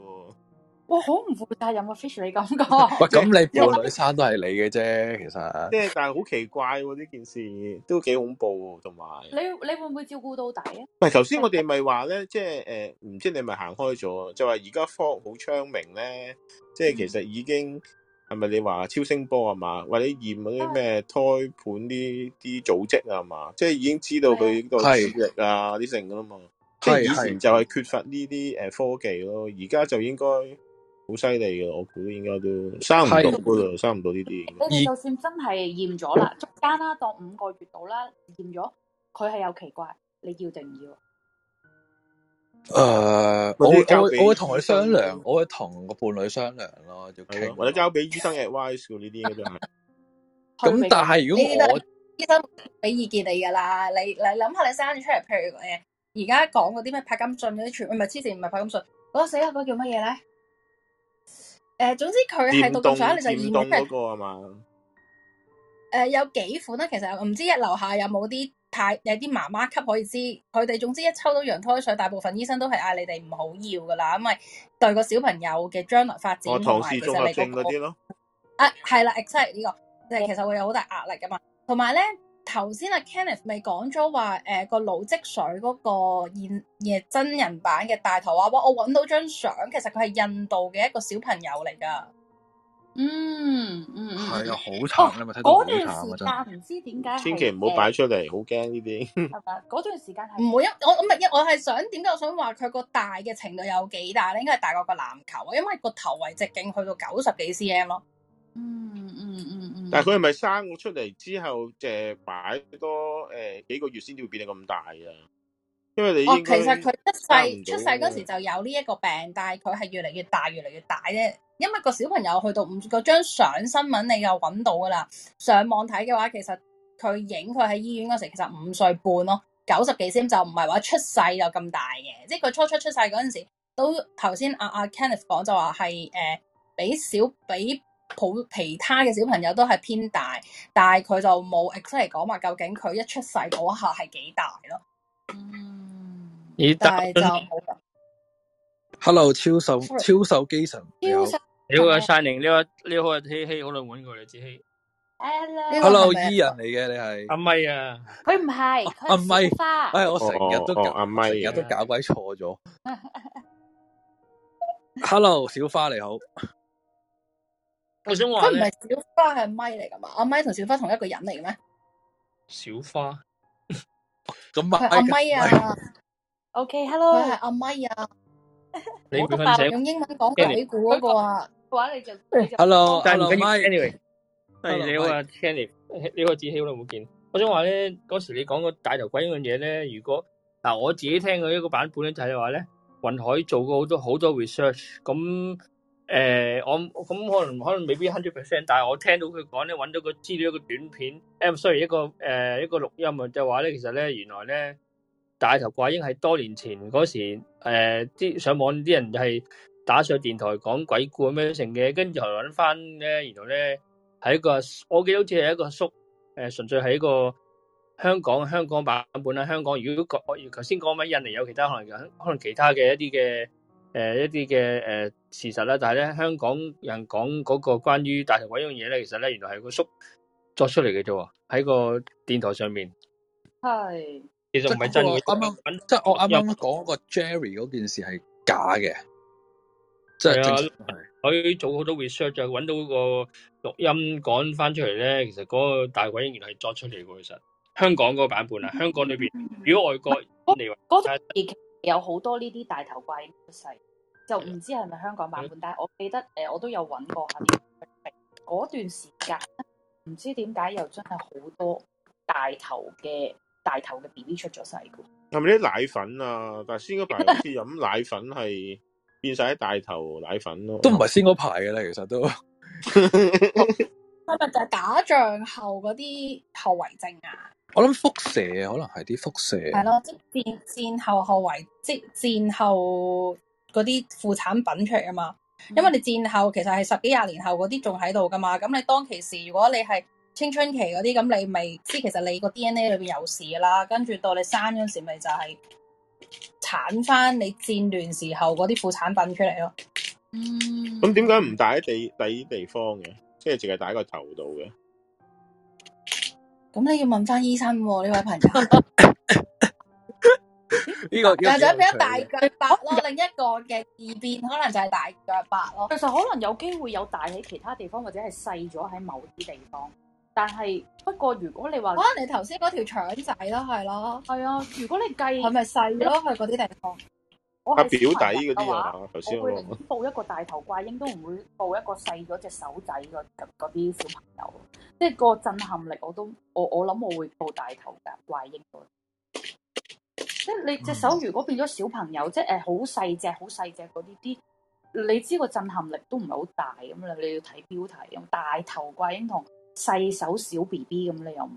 S2: 哇，好唔負責任個 fish 你感覺咁你伴侶
S4: 生都係你嘅啫，其實即係但係好奇怪呢、啊、件事都幾恐怖、啊，同埋
S2: 你你會唔會照顧到底
S4: 啊？唔係頭先我哋咪話咧，即係誒，唔知你咪行開咗，就話而家科好昌明咧，即、呃、係、就是、其實已經、嗯。係咪你話超聲波啊嘛？或者驗嗰啲咩胎盤呢啲組織啊嘛？即係已經知道佢嗰個血液啊啲剩咁嘛？即係、啊、以前就係缺乏呢啲誒科技咯，而家就應該好犀利噶，我估應該都生唔到嗰度，生唔、啊、到呢啲。你就
S2: 算真係驗咗啦，中間啦當五個月度啦驗咗，佢係有奇怪，你要定唔要？
S4: 誒、uh，我會我會同佢商量，我會同個伴侶商量咯，就傾或者交俾醫生 advice 呢啲嘅啫。咁但係如果我
S2: 醫生俾意見你噶啦，你你諗下你生咗出嚟，譬如誒而家講嗰啲咩柏金遜嗰啲，全唔係黐線唔係柏金遜，嗰，哦那個死啊，嗰叫乜嘢咧？誒，總之佢係獨到床你就二萬嗰個啊嘛。誒、呃，有幾款咧，啊？其實唔知一樓下有冇啲？太有啲媽媽級可以知，佢哋總之一抽到羊胎水，大部分醫生都係嗌你哋唔好要噶啦，因為對個小朋友嘅將來發展同埋其實你講嗰啲咯啊，係啦，excite 呢、這個即係其實會有好大壓力噶嘛。同埋咧頭先阿 Kenneth 咪講咗話誒、呃、個腦積水嗰個現嘢真人版嘅大頭娃娃，我揾到張相，其實佢係印度嘅一個小朋友嚟噶。
S3: 嗯嗯，
S4: 係、嗯、啊，好慘，你咪睇到好
S2: 慘啊！真、哦。千祈唔好擺
S4: 出嚟，好驚呢啲。嗰段
S2: 時間係唔會一我咁咪一我係想點解？我想話佢個大嘅程度有幾大咧？應該係大過個籃球啊！因為個頭圍直徑去到九十幾 cm 咯。嗯嗯嗯嗯，
S3: 但係佢
S4: 係咪生咗出嚟之後，即係擺多誒幾個月先至會變得咁大啊？
S3: 因為你、哦、其實佢出世出世嗰
S4: 時就
S2: 有呢一個病，但係佢係越嚟越大，越嚟越大啫。因為個小朋友去到五嗰張相新聞，你又揾到噶啦。上網睇嘅話，其實佢影佢喺醫院嗰時，其實五歲半咯，九十幾，先就唔係話出世就咁大嘅，即係佢初初出世嗰陣時，都頭先阿阿 Kenneth 講就話係誒比小比普其他嘅小朋友都係偏大，但係佢就冇 express 嚟講話究竟佢一出世嗰刻係幾大咯。嗯，但
S5: 係就冇、是。嗯
S1: hello 超獸超獸機神，
S5: 你好，呢 Shining，呢個呢希希好耐冇見過你，子希。
S2: hello，hello 伊人
S5: 嚟嘅，你係阿咪啊？
S2: 佢唔係，阿咪。小花，
S1: 我成日都搞，成日都搞鬼錯咗。hello 小花你好，
S2: 我想話，佢唔係小花係咪嚟噶嘛？阿咪同小花同一個人嚟嘅
S5: 咩？小花，咁係阿咪啊
S2: ？ok，hello 係阿咪啊？你唔好瞓
S5: 用英文講鬼故嗰個啊，嘅話你就。Hello，大龍媽。Anyway，Anyway 你好啊，Kenny，呢個字希好耐冇見。我想話咧，嗰時你講個大頭鬼呢樣嘢咧，如果嗱、啊、我自己聽過一個版本咧，就係話咧，雲海做過好多好多 research，咁、嗯、誒、呃，我咁、嗯、可能可能未必 hundred percent，但係我聽到佢講咧，揾到一個資料一個短片，am、哎嗯、sorry 一個誒、呃、一個錄音啊，就係話咧，其實咧原來咧。大頭怪嬰係多年前嗰時，誒、呃、啲上網啲人就係打上電台講鬼故咁樣成嘅，跟住後來揾翻咧，原來咧係一個，我記得好似係一個叔，誒、呃、純粹係一個香港香港版本啦。香港如果如果講，頭先講緊印尼有其他可能，嘅，可能其他嘅一啲嘅，誒、呃、一啲嘅誒事實啦。但係咧香港人講嗰個關於大頭怪嬰嘢咧，其實咧原來係個叔作出嚟嘅啫，喺個電台上面。係。其實唔係真嘅，啱啱即係我啱啱講個 Jerry 嗰件事係假嘅，
S1: 即係
S5: 佢做好多 research 揾到個錄音講翻出嚟咧，其實嗰個大鬼嬰原來係作出嚟嘅。其實香港嗰個版本啊，香港裏邊如果外國嗰種，
S2: 那個，時期有好多呢啲大頭怪出世，就唔知係咪香港版本。的但係我記得誒，我都有揾過下邊嗰段時間，唔知點解又真係好多大頭嘅。大頭嘅 B B 出咗世
S4: 嘅，係咪啲奶粉啊？但係先嗰排好似飲奶粉係變晒啲大頭奶粉咯， 都唔係先嗰排嘅咧，其實都
S2: 係咪 就係打仗後嗰啲後遺症啊？
S4: 我
S3: 諗輻
S1: 射可能係啲輻射，係咯，
S2: 即戰戰後後遺，即戰後嗰啲副產品出嚟，啊嘛，因為你戰後其實係十幾廿年後嗰啲仲喺度噶嘛，咁你當其時如果你係。青春期嗰啲咁，你咪知其實你個 DNA 裏邊有事啦。跟住到你生嗰時，咪就係產翻你戰亂時候嗰啲副產品出嚟咯。嗯。
S4: 咁點解唔大喺地喺地方嘅，即係淨係大個頭度嘅？
S2: 咁你要問翻醫生呢
S3: 位朋友。呢、這個就係變咗大
S2: 腳白咯， 嗯、另一個嘅異變可能就係大腳白咯。其實可能有機會有大喺其他地方，或者係細咗喺某啲地方。但係不過如、啊，如果你話可能你頭先嗰條腸仔咯，係咯，係啊。如果你計，係咪細咯？係嗰啲地方，個表弟嗰啲啊。吓。頭先我會報一個大頭怪嬰都唔會報一個細咗隻手仔嗰啲小朋友，即係個震撼力我都我我諗我會報大頭噶怪嬰。即係你隻手如果變咗小朋友，嗯、即係誒好細隻好細隻嗰啲啲，你知個震撼力都唔係好大咁啦。你要睇標題，大頭怪嬰同。細手小 B B 咁，你又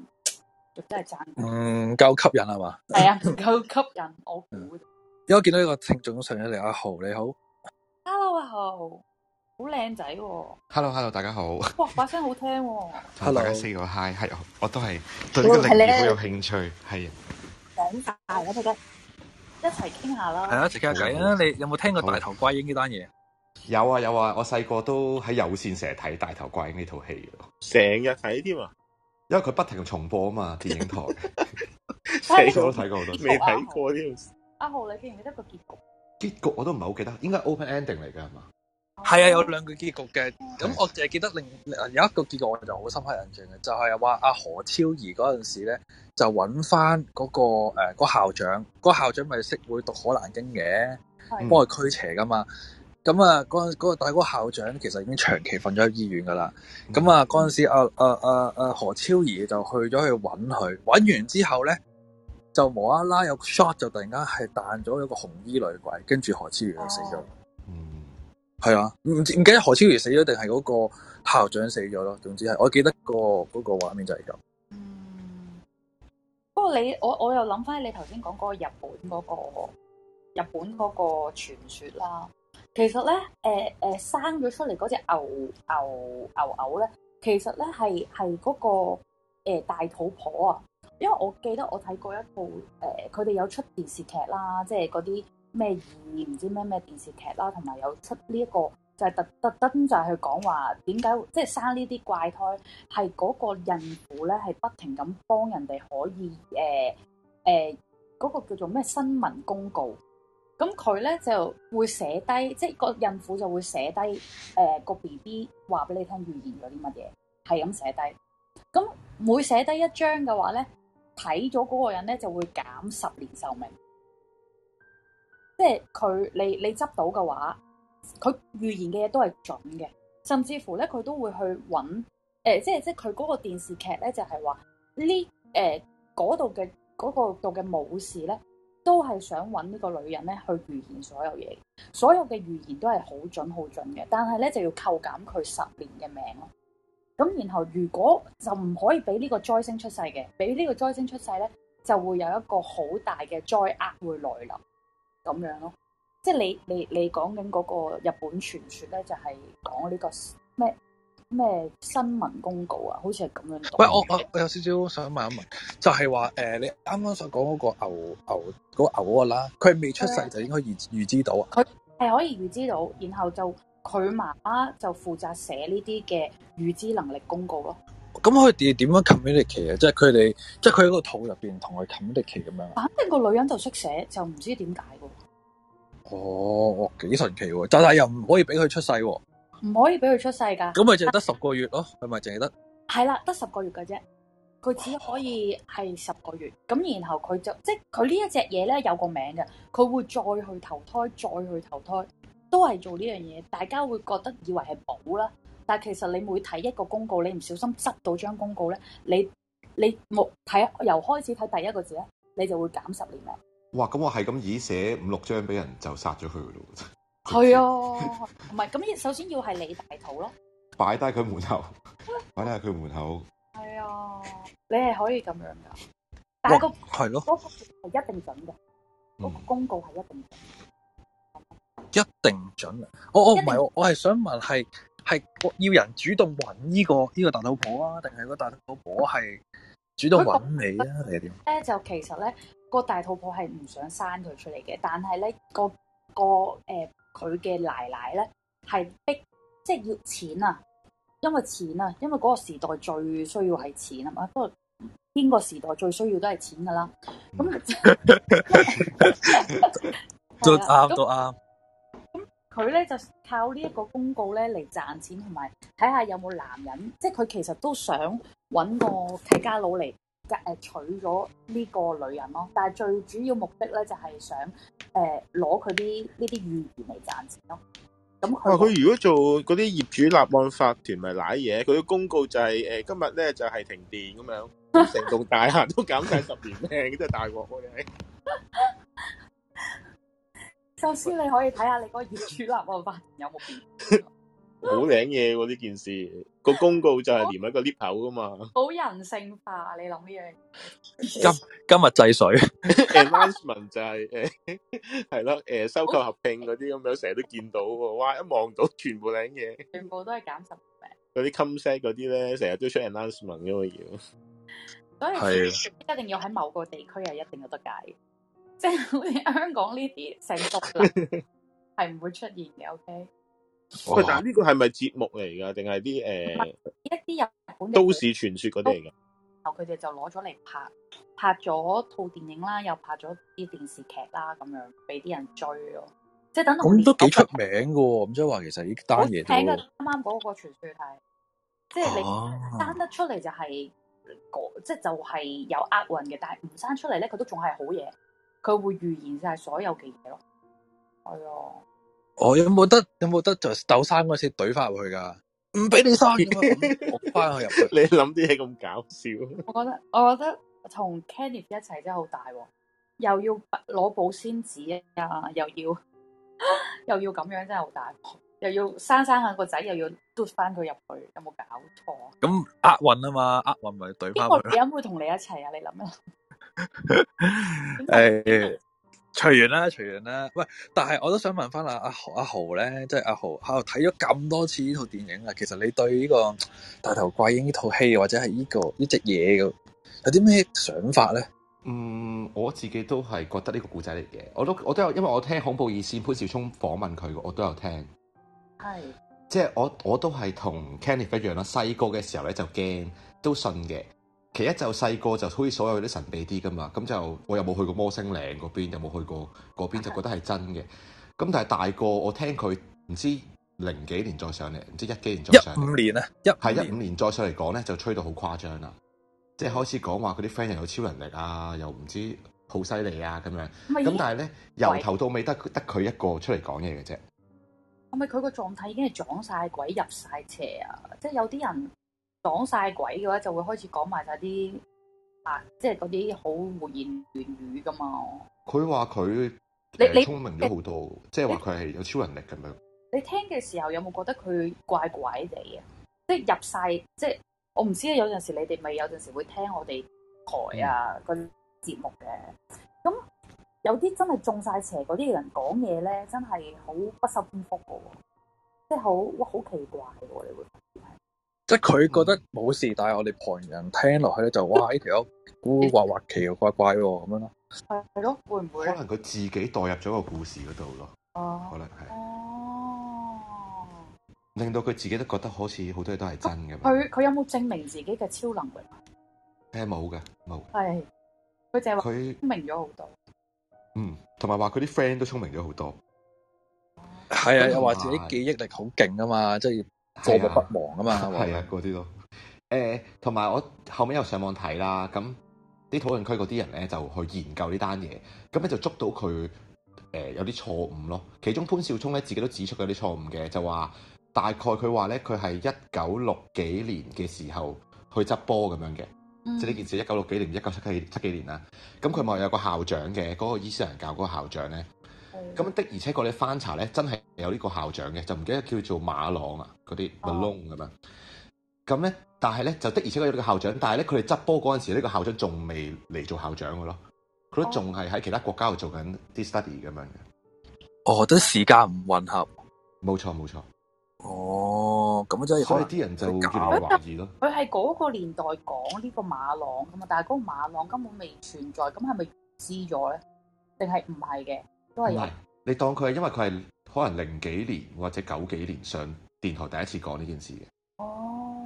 S2: 又
S3: 真
S1: 係讚嗯，夠吸引係嘛？
S2: 係啊，夠吸引，我估。
S1: 因為我見到一個聽眾上嚟，阿、啊、豪你好
S2: ，Hello 阿豪，好靚仔喎。
S1: Hello Hello，大家好。
S2: 哇，把聲好聽、啊。Hello。 大家
S6: say 個 hi，係我，我都係 Hello. 對呢個領域好有興趣，係。講
S2: 大啦，大家一齊傾
S6: 下啦。係啊，一齊傾下偈啊！你有冇聽過大頭怪嬰呢單嘢？好有啊有啊，我細個都喺有綫成日睇《大頭怪嬰》呢套戲，成日睇添啊。因為佢不停重播啊嘛，電影台。睇 過睇過好多，未睇、啊、過
S4: 呢、這、套、個。
S2: 阿豪、啊，你記唔記得個結局？
S6: 結局我都唔係好記得，應該 open ending 嚟噶係嘛？
S1: 係啊，有兩個結局嘅。咁我淨係記得另有一個結局，我就好深刻印象嘅，就係話阿何超儀嗰陣時咧，就揾翻嗰個誒、呃那個、校長，嗰、那個、校長咪識會讀可蘭《可蘭經》嘅，幫佢驅邪噶嘛。咁啊，嗰嗰、嗯那個大哥、那個、校長其實已經長期瞓咗喺醫院噶啦。咁、那個、啊，嗰陣時阿阿阿阿何超儀就去咗去揾佢，揾完之後咧，就無啦啦有 shot 就突然間係彈咗一個紅衣女鬼，跟住何超儀就死咗。嗯，係啊，唔唔記得何超儀死咗定係嗰個校長死咗咯？總之係，我記得、那個嗰、那個畫面就係咁。嗯，
S2: 不過你我我又諗翻起你頭先講嗰個日本嗰、那個、嗯、日本嗰個傳說啦。其實咧，誒、呃、誒、呃，生咗出嚟嗰隻牛牛，牛牛牛咧，其實咧係係嗰個誒、呃、大肚婆啊，因為我記得我睇過一套，誒、呃，佢哋有出電視劇啦，即係嗰啲咩意唔知咩咩電視劇啦，同埋有，有出呢、這、一個就係、是、特特登就係去講話點解即係生呢啲怪胎，係嗰個孕婦咧係不停咁幫人哋可以誒誒嗰個叫做咩新聞公告。咁佢咧就會寫低，即係個孕婦就會寫低，誒、呃、個 B B 話俾你聽預言咗啲乜嘢，係咁寫低。咁每寫低一張嘅話咧，睇咗嗰個人咧就會減十年壽命。即係佢你你執到嘅話，佢預言嘅嘢都係準嘅，甚至乎咧佢都會去揾誒、呃，即係即係佢嗰個電視劇咧就係話呢誒度嘅嗰個度嘅武士咧。都係想揾呢個女人呢去預言所有嘢，所有嘅預言都係好準好準嘅，但係呢就要扣減佢十年嘅命咯。咁然後如果就唔可以俾呢個災星出世嘅，俾呢個災星出世呢，就會有一個好大嘅災厄會來臨，咁樣咯。即係你你你講緊嗰個日本傳說呢，就係講呢個咩？咩新聞公告啊？好似係咁樣。喂，我我
S1: 我有少少想問一問，就係話誒，你啱啱所講嗰個牛牛嗰、嗰個牛啊？啦，佢未出世就應該預預知到啊？佢
S2: 係可以預知到，然後就佢媽媽就負責寫呢啲嘅預知能力公告咯。
S1: 咁佢哋點樣 communicate 啊？即係佢哋，即係佢喺個肚入邊同佢 communicate 咁樣。
S2: 肯定個女人就識寫，就唔知點解噶。
S1: 哦，幾神奇喎！啊！就係又唔可以俾佢出世，啊。
S2: 唔可以俾佢出世噶，
S1: 咁咪淨係得十個月咯，係咪淨係得
S2: 係啦，得十個月嘅啫。佢只可以係十個月，咁然後佢就即係佢呢一隻嘢咧，有個名嘅，佢會再去投胎，再去投胎，都係做呢樣嘢。大家會覺得以為係保啦，但係其實你每睇一個公告，你唔小心執到張公告咧，你你冇睇由開始睇第一個字咧，你就會減十年啦。
S6: 哇！咁我係咁已寫五六張俾人就殺咗佢咯。
S2: 係啊，唔係咁，首先要係你大肚咯，
S6: 擺低佢門口，擺低佢門口。
S2: 係啊，你係可以咁樣噶，但係、個
S6: 係咯，
S1: 嗰
S2: 幅圖係一定準嘅，嗰、嗯、個公告係一定準，一定
S1: 準，oh, oh, 一定準。我我唔係我，我係想問係係要人主動揾呢、個呢、個大肚婆啊，定係個大肚婆係主動揾你啊？定係點咧？
S2: 就其實咧，個大肚婆係唔想生佢出嚟嘅，但係咧、個、個誒。呃佢嘅奶奶咧，係逼，即係要錢啊！因為錢啊，因為嗰個時代最需要係錢啊嘛。不過邊個時代最需要都係錢噶啦。咁
S1: 都啱，都啱對。
S2: 咁佢咧就靠呢一個公告咧嚟賺錢，同埋睇下有冇男人。即係佢其實都想揾個契家佬嚟。隔誒娶咗呢個女人咯，但係最主要目的咧就係想誒攞佢啲呢啲預言嚟賺錢咯。
S4: 咁佢話佢如果做嗰啲業主立案法團，咪瀨嘢。佢嘅公告就係、是、誒、呃、今日咧就係、是、停電咁樣，成棟大廈都減曬十年命，真係大鑊喎你。
S2: 首先你可以睇下你嗰個業主立案法團有冇？
S4: 好靚嘢喎！呢件事個公告就係連一個 lift 口噶嘛，
S2: 好人性化。你諗呢樣？
S4: 今今日制水 announcement 就係、是、誒，係咯誒，收購合併嗰啲咁樣，成日都見到喎。哇！一望到全部靚嘢，全部都
S2: 係減十 percent
S4: 嗰啲 come set 嗰啲咧，成日都出 announcement 咁嘅嘢。
S2: 所以的一定要喺某個地區係一定有得解。即係好似香港呢啲成熟啦，係唔 會出現嘅。O K。
S4: 喂，但係呢個係咪節目嚟噶，定係啲誒？
S2: 一啲有
S4: 都市傳說嗰啲嚟嘅，然
S2: 後佢哋就攞咗嚟拍，拍咗套電影啦，又拍咗啲電視劇啦，咁樣俾啲人追咯。即係等到咁
S1: 都幾出名嘅，咁即係話其實呢單嘢，睇，聽
S2: 啱啱嗰個傳說係，即係、啊、你生得出嚟就係即係就係、是、有厄運嘅，但係唔生出嚟咧，佢都仲係好嘢。佢會預言晒所有嘅嘢咯。係啊。
S1: 我、oh, 有冇得有冇得就斗生嗰時懟翻入去噶？唔俾你生，懟翻
S4: 去入去。去 你諗啲嘢，咁搞笑我？
S2: 我覺得我覺得同 Kenneth 一齊真係好大鑊喎、哦，又要攞保鮮紙啊，又要又要咁樣真係好大，又要生生下個仔，又要 do 翻佢入去，有冇搞錯？
S1: 咁厄運啊嘛，厄運咪懟翻佢。邊個點
S2: 會同你一齊啊？你諗咩、
S1: 啊？誒、 哎、～.隨緣啦，隨緣啦。喂，但係我都想問翻阿阿阿豪咧，即係阿豪，喺度睇咗咁多次呢套電影啊。其實你對呢個大頭怪嬰呢套戲或者係呢個呢隻嘢，咁，有啲咩想法咧？
S6: 嗯，我自己都係覺得呢個故仔嚟嘅。我都我都有，因為我聽恐怖在線潘紹聰訪問佢嘅，我都有聽。係，即係我我都係同 Kenny 一樣啦。細個嘅時候咧就驚，都信嘅。其實就細個就好似所有啲神秘啲噶嘛，咁就我又冇去過摩星嶺嗰邊，又冇去過嗰邊，邊就覺得係真嘅。咁的但係大個我聽佢唔知零幾年再上嚟，唔知一幾年再上，一五年啊，係一五年再上嚟講咧，就吹到好誇張啦。即係開始講話佢啲 friend 又有超能力啊，又唔知好犀利啊咁樣。咁的但係咧，由頭到尾得得佢一個出嚟講嘢嘅啫。
S2: 係咪佢個狀態已經係撞晒鬼入晒斜啊？即係有啲人。講晒鬼嘅話，就會開始講埋晒啲啊，即係嗰啲好胡言亂語噶嘛。佢話佢你你聰明咗
S6: 好多，即係話佢係有超能力咁樣。
S2: 你聽嘅時候有冇覺得佢怪怪地啊？即係入晒，即係我唔知啊。有陣時你哋咪有陣時會聽我哋台啊、嗯、個節目嘅。咁有啲真係中晒邪嗰啲人講嘢咧，真係好不修邊幅噶，即係好好奇怪噶，你
S1: 會。即係佢覺得冇事，嗯、但係我哋旁人聽落去咧就哇呢條友古畫畫奇奇、啊、怪怪咁、啊、樣咯，
S2: 係係咯會唔會？可
S1: 能佢自己代入咗個故事嗰度咯，
S6: 啊、可能係哦，令到佢自己都覺得好似好多嘢都係真嘅。
S2: 佢佢、啊、有冇證明自己嘅超能力？誒冇
S6: 嘅冇，係佢淨
S2: 係話佢聰明咗好多，
S6: 嗯，同埋話佢啲 friend 都聰明咗好多，係啊，又話自己記
S1: 憶力好勁啊嘛，即係。過目不忘啊嘛，係啊，
S6: 嗰啲咯。誒，同埋我後尾又上網睇啦，咁啲討論區嗰啲人咧就去研究呢單嘢，咁咧就捉到佢誒、呃、有啲錯誤咯。其中潘少聰咧自己都指出有啲錯誤嘅，就話大概佢話咧佢係一九六幾年嘅時候去執波咁樣嘅，嗯、即係呢件事一九六幾年、一九七幾年、七幾年啦。咁佢咪有個校長嘅，嗰、嗰個伊斯蘭教嗰個校長咧。咁的而且確你翻查咧，真係有呢個校長嘅，就唔記得叫做馬朗啊，嗰啲 Malone 咁樣。咁咧、哦，但係咧就的而且確有呢個校長，但係咧佢哋執波嗰陣時，呢、呢個校長仲未嚟做校長嘅咯，佢都仲係喺其他國家度做緊啲 study 咁樣嘅。哦，
S1: 我覺得時
S6: 間唔混合。冇錯冇錯。
S1: 錯哦，咁真係。所以啲人就叫你
S6: 懷疑咯。
S2: 佢係嗰個年代講呢個馬朗咁嘛，但係嗰個馬朗根本未存在，咁係咪知咗咧？定係唔係嘅？都係。
S6: 你當佢係因為佢係可能零幾年或者九幾年上電台第一次講呢件事嘅哦。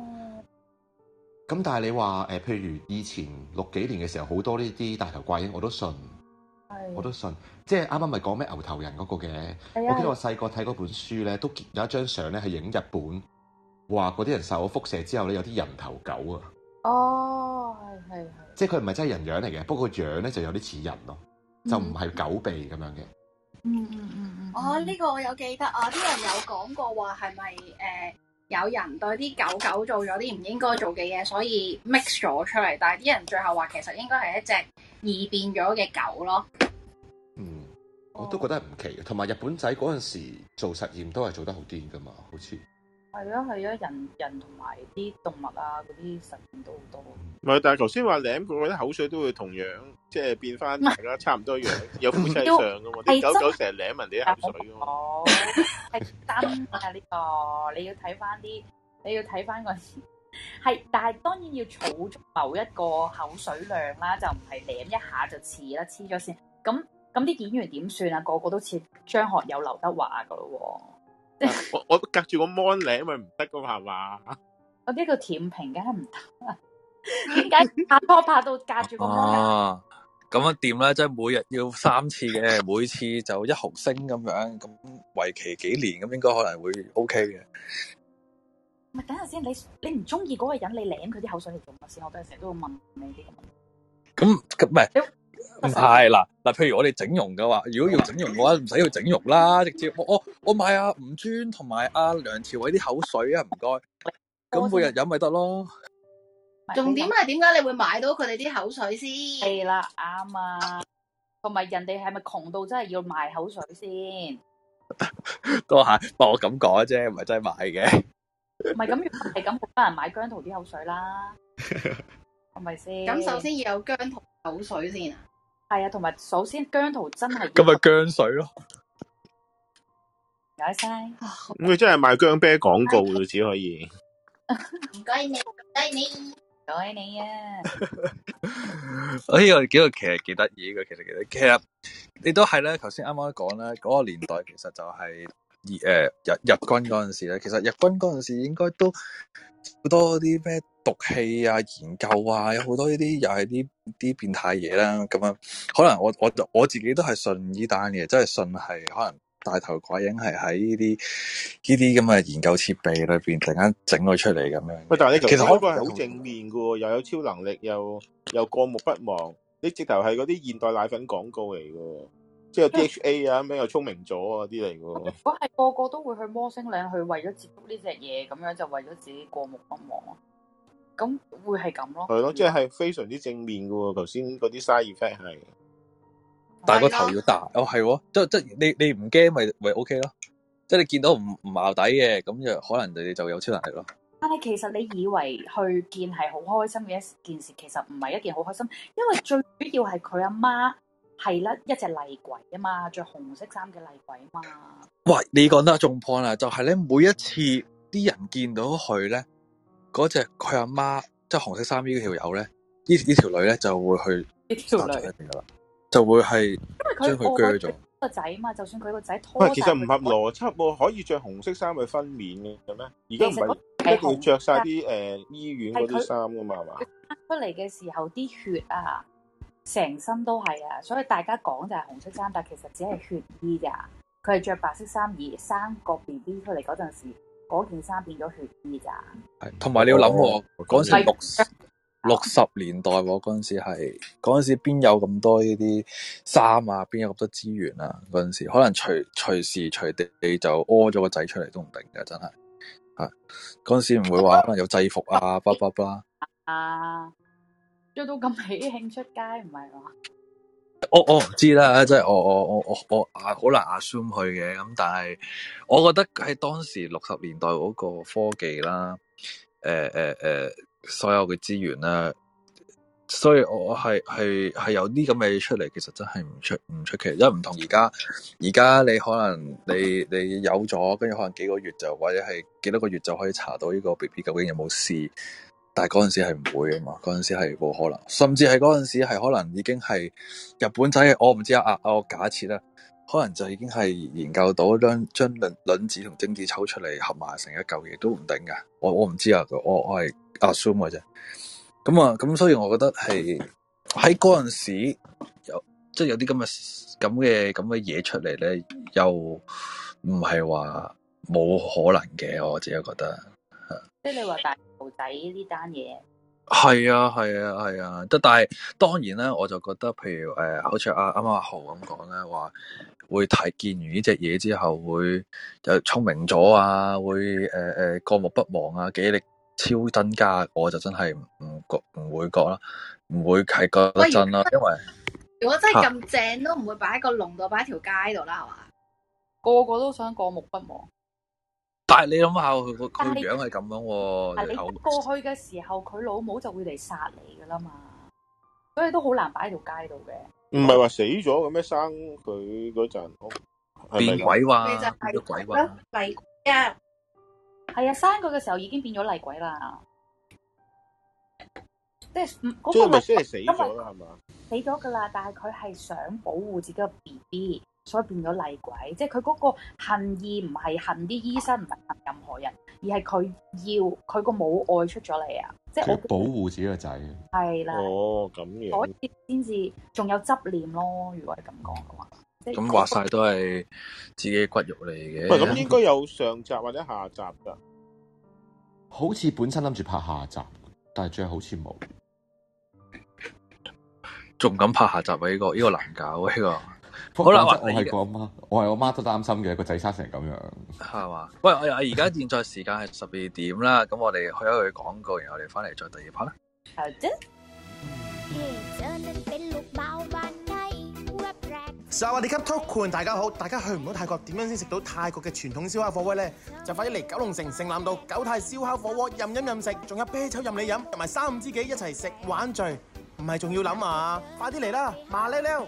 S6: 咁但係你話誒，譬如以前六幾年嘅時候，好多呢啲大頭怪嬰，我都信，
S3: 的我都
S6: 信。即係啱啱咪講咩牛頭人嗰個嘅。的我記得我細個睇嗰本書咧，都有一張相咧係影日本，話嗰啲人受咗輻射之後咧，有啲人頭狗啊。
S3: 哦、oh，係
S6: 係。即係佢唔係真係人樣嚟嘅，不過個樣咧就有啲似人咯，就唔係狗鼻咁樣嘅。
S3: 嗯嗯嗯嗯，嗯嗯嗯哦呢、這個
S2: 我有記得啊，啲、哦這個、人有講過話係咪誒有人對啲狗狗做咗啲唔應該做嘅嘢，所以 mix 咗出嚟，但係啲人最後話其實應該係一隻異變咗嘅狗咯。嗯，
S6: 我都覺得係唔奇嘅，同埋日本仔嗰陣
S4: 時做實驗都係做得好癲㗎嘛，好似。
S2: 係咯，係咯，人人同埋啲
S4: 動物啊，嗰啲實驗都好多。唔係，但係頭先話舐佢，我覺得口水都會同樣，即係變翻，大家 差唔多一樣，有夫妻相嘅。都係要狗狗成日舐人哋口
S2: 水哦，好， 係真啊呢個，你要睇翻啲，你要睇翻個。係，但係當然要儲足某一個口水量啦，就唔係舐一下就黐啦，黐咗先。咁咁啲演員點算啊？個個都似張學友、劉德華
S4: 噶咯。 我我隔住個芒領咪唔得噶嘛，係嘛、
S2: 啊？我呢個甜平梗係唔得，點解拍拖拍到隔住個芒？哦，
S1: 咁樣掂啦，即係每日要三次嘅，每次就一毫升咁樣，咁為期幾年咁，應該可能會 OK 嘅。唔
S2: 係等下先，你你唔中意嗰個人，你舐佢啲口水嚟做乜先？我，我都成日都會問你啲
S1: 咁嘅。咁唔係。嗯唔係啦，嗱，譬如我哋整容嘅話，如果要整容嘅話，唔使要整容啦，直接我我，哦、我買阿吳尊同埋阿梁朝偉啲口水啊，唔該，
S2: 咁 每日
S1: 飲咪得咯。
S2: 重點係點解你會買到佢哋啲口水先？係啦， 啱啊。同埋人哋係咪窮到真係要賣口水先？
S1: 多吓，我咁講啫，唔係真係買嘅。
S2: 唔係咁要買，咁好多人買姜濤啲口水啦，係咪先？咁首先要有姜濤口水先啊。係啊，同埋
S4: 首先姜濤真係咁
S2: 咪姜水咯，
S4: 唔該晒。咁佢真係賣姜啤廣告，只可以。唔該你，唔該你，唔該你啊！哎呀，幾
S1: 個劇幾得意嘅，其實其實，你都係咧。頭先啱啱講啦，嗰、那個年代其實就係、是。而誒，日日軍嗰陣時咧，其實日軍嗰陣時應該都好多啲咩毒氣啊、研究啊，有好多呢啲又係啲啲變態嘢啦。咁樣可能我我我自己都係信呢單嘢，真係信係可能大頭怪嬰係喺呢啲呢啲咁嘅研究設備裏邊突然間整咗出嚟咁樣。
S4: 喂，但係你其實嗰個係好正面噶，又有超能力，又又過目不忘。你直頭係嗰啲現代奶粉廣告嚟噶。即係 DHA 啊，咩又聰明咗啊啲嚟嘅喎。
S2: 如果係個個都會去摩星嶺去為咗接觸呢隻嘢，咁樣就為咗自己過目不忘咯。咁會係咁咯。係咯，即
S4: 係非常之正面嘅喎。頭先嗰啲 side effect 係，但係個頭要大哦，係，
S1: 即即你你唔驚咪咪 OK 咯。即係你見到唔唔毛底嘅，咁就可能你就有超能力咯。
S2: 但係其實你以為去見係好開心嘅一件事，其實唔係一件好開心，因為最主要係佢阿媽。係啦，一隻厲鬼啊嘛，着紅色衫嘅厲鬼啊嘛。
S1: 喂，你講得中 point 啦，就係、是、咧每一次啲人見到佢咧，嗰隻佢阿媽即係紅色衫呢條友咧，呢呢條女咧就會去搭住一邊
S4: 噶啦，就會係將佢鋸咗。哦、
S2: 個仔啊嘛，就算佢個仔拖唔其實唔
S4: 合邏輯喎，可以着紅色衫去分娩嘅，有咩？而家唔係一定要着晒啲誒醫院嗰啲衫噶嘛係嘛？
S2: 出嚟嘅時候啲血啊！成身都係啊，所以大家講就係紅色衫，但其實只係血衣咋，佢係着白色衫而生個 BB 出嚟嗰陣時，嗰件衫變咗血衣咋。
S1: 係，同埋你要諗喎，嗰陣、嗯、時六六十年代喎，嗰陣時係，嗰陣時邊有咁多呢啲衫啊？邊有咁多資源啊？嗰陣時可能隨隨時隨地就屙咗個仔出嚟都唔定噶，真係。係、啊，嗰陣時唔會話可能有制服啊，卜卜卜。啊着到咁喜慶出街，唔係嘛？我我唔知啦，啊，即係我我我我我好難 assume 去嘅。咁但係，我覺得喺當時六十年代嗰個科技啦，誒誒誒，所有嘅資源啦，所以我係係係有啲咁嘅嘢出嚟，其實真係唔出唔出奇，因為唔同而家。而家你可能你你有咗，跟住可能幾個月就或者係幾多個月就可以查到呢個 BB 究竟有冇事。但係嗰陣時係唔會噶嘛，嗰陣時係冇可能，甚至係嗰陣時係可能已經係日本仔，我唔知啊，啊，我假設啦，可能就已經係研究到將將卵卵子同精子抽出嚟，合埋成一嚿嘢都唔定噶，我我唔知啊，我我係 assume 嘅啫。咁啊，咁所以我覺得係喺嗰陣時有，就是，有即係有啲咁嘅咁嘅咁嘅嘢出嚟咧，又唔係話冇可能嘅，我自己覺得。即係你話大頭仔呢單嘢係啊係啊係啊，但但係當然咧，我就覺得譬如誒，好似啱啱阿豪咁講咧，話會睇見完呢隻嘢之後會就聰明咗啊，會誒誒、呃、過目不忘啊，記憶力超增加，我就真係唔覺唔會覺啦，唔會係覺得真啦，因為
S2: 如果真係咁為正、啊、都唔會擺喺個籠度，擺喺條街度啦，係嘛？個個都想過目不忘。
S1: 但係你諗下佢個佢樣係咁樣喎，哦，你過
S2: 去嘅時候佢老母就會嚟殺你噶啦嘛，所以都好難擺喺條街度
S4: 嘅。唔係話死咗嘅咩？生佢嗰陣，哦，變鬼話變鬼
S3: 咯，
S2: 厲鬼啊，係啊，生佢嘅時候已經變咗厲鬼啦，即係嗰個咪先係死咗啦係嘛？死咗噶啦，但係佢係想保護自己個 B B。所以變咗厲鬼，即係佢嗰個恨意唔係恨啲醫生，唔係恨任何人，而係佢要佢個母愛出咗嚟啊！即係保
S1: 護自己個仔，係啦 哦，咁嘅
S2: 先至仲有執念咯，如果係咁講
S4: 嘅
S1: 話，咁話晒都係自己骨肉嚟嘅。唔係咁應該
S4: 有上集或者下集噶，好似本身諗住拍
S6: 下集，但係最後好似冇，仲敢拍下集啊？呢個呢個難搞呢個。好啦了，我係個阿媽，嗯、我係我媽都擔心嘅個仔生成
S1: 咁樣，係嘛？喂，我而家現在現時間係十二點啦，咁 我哋去一去廣告，然後我哋翻嚟，再第二 part 啦。
S2: 好
S4: 嘅。莎瓦迪卡 t a k u 大家好，大家去唔到泰國，點樣先食到泰國嘅傳統燒烤火鍋咧？就快啲嚟九龍城城南道九泰燒烤火鍋，任飲任食，仲有啤酒任你飲，同埋三五知己一齊食玩聚，唔係仲要諗啊？快啲嚟啦，
S3: 麻呢了！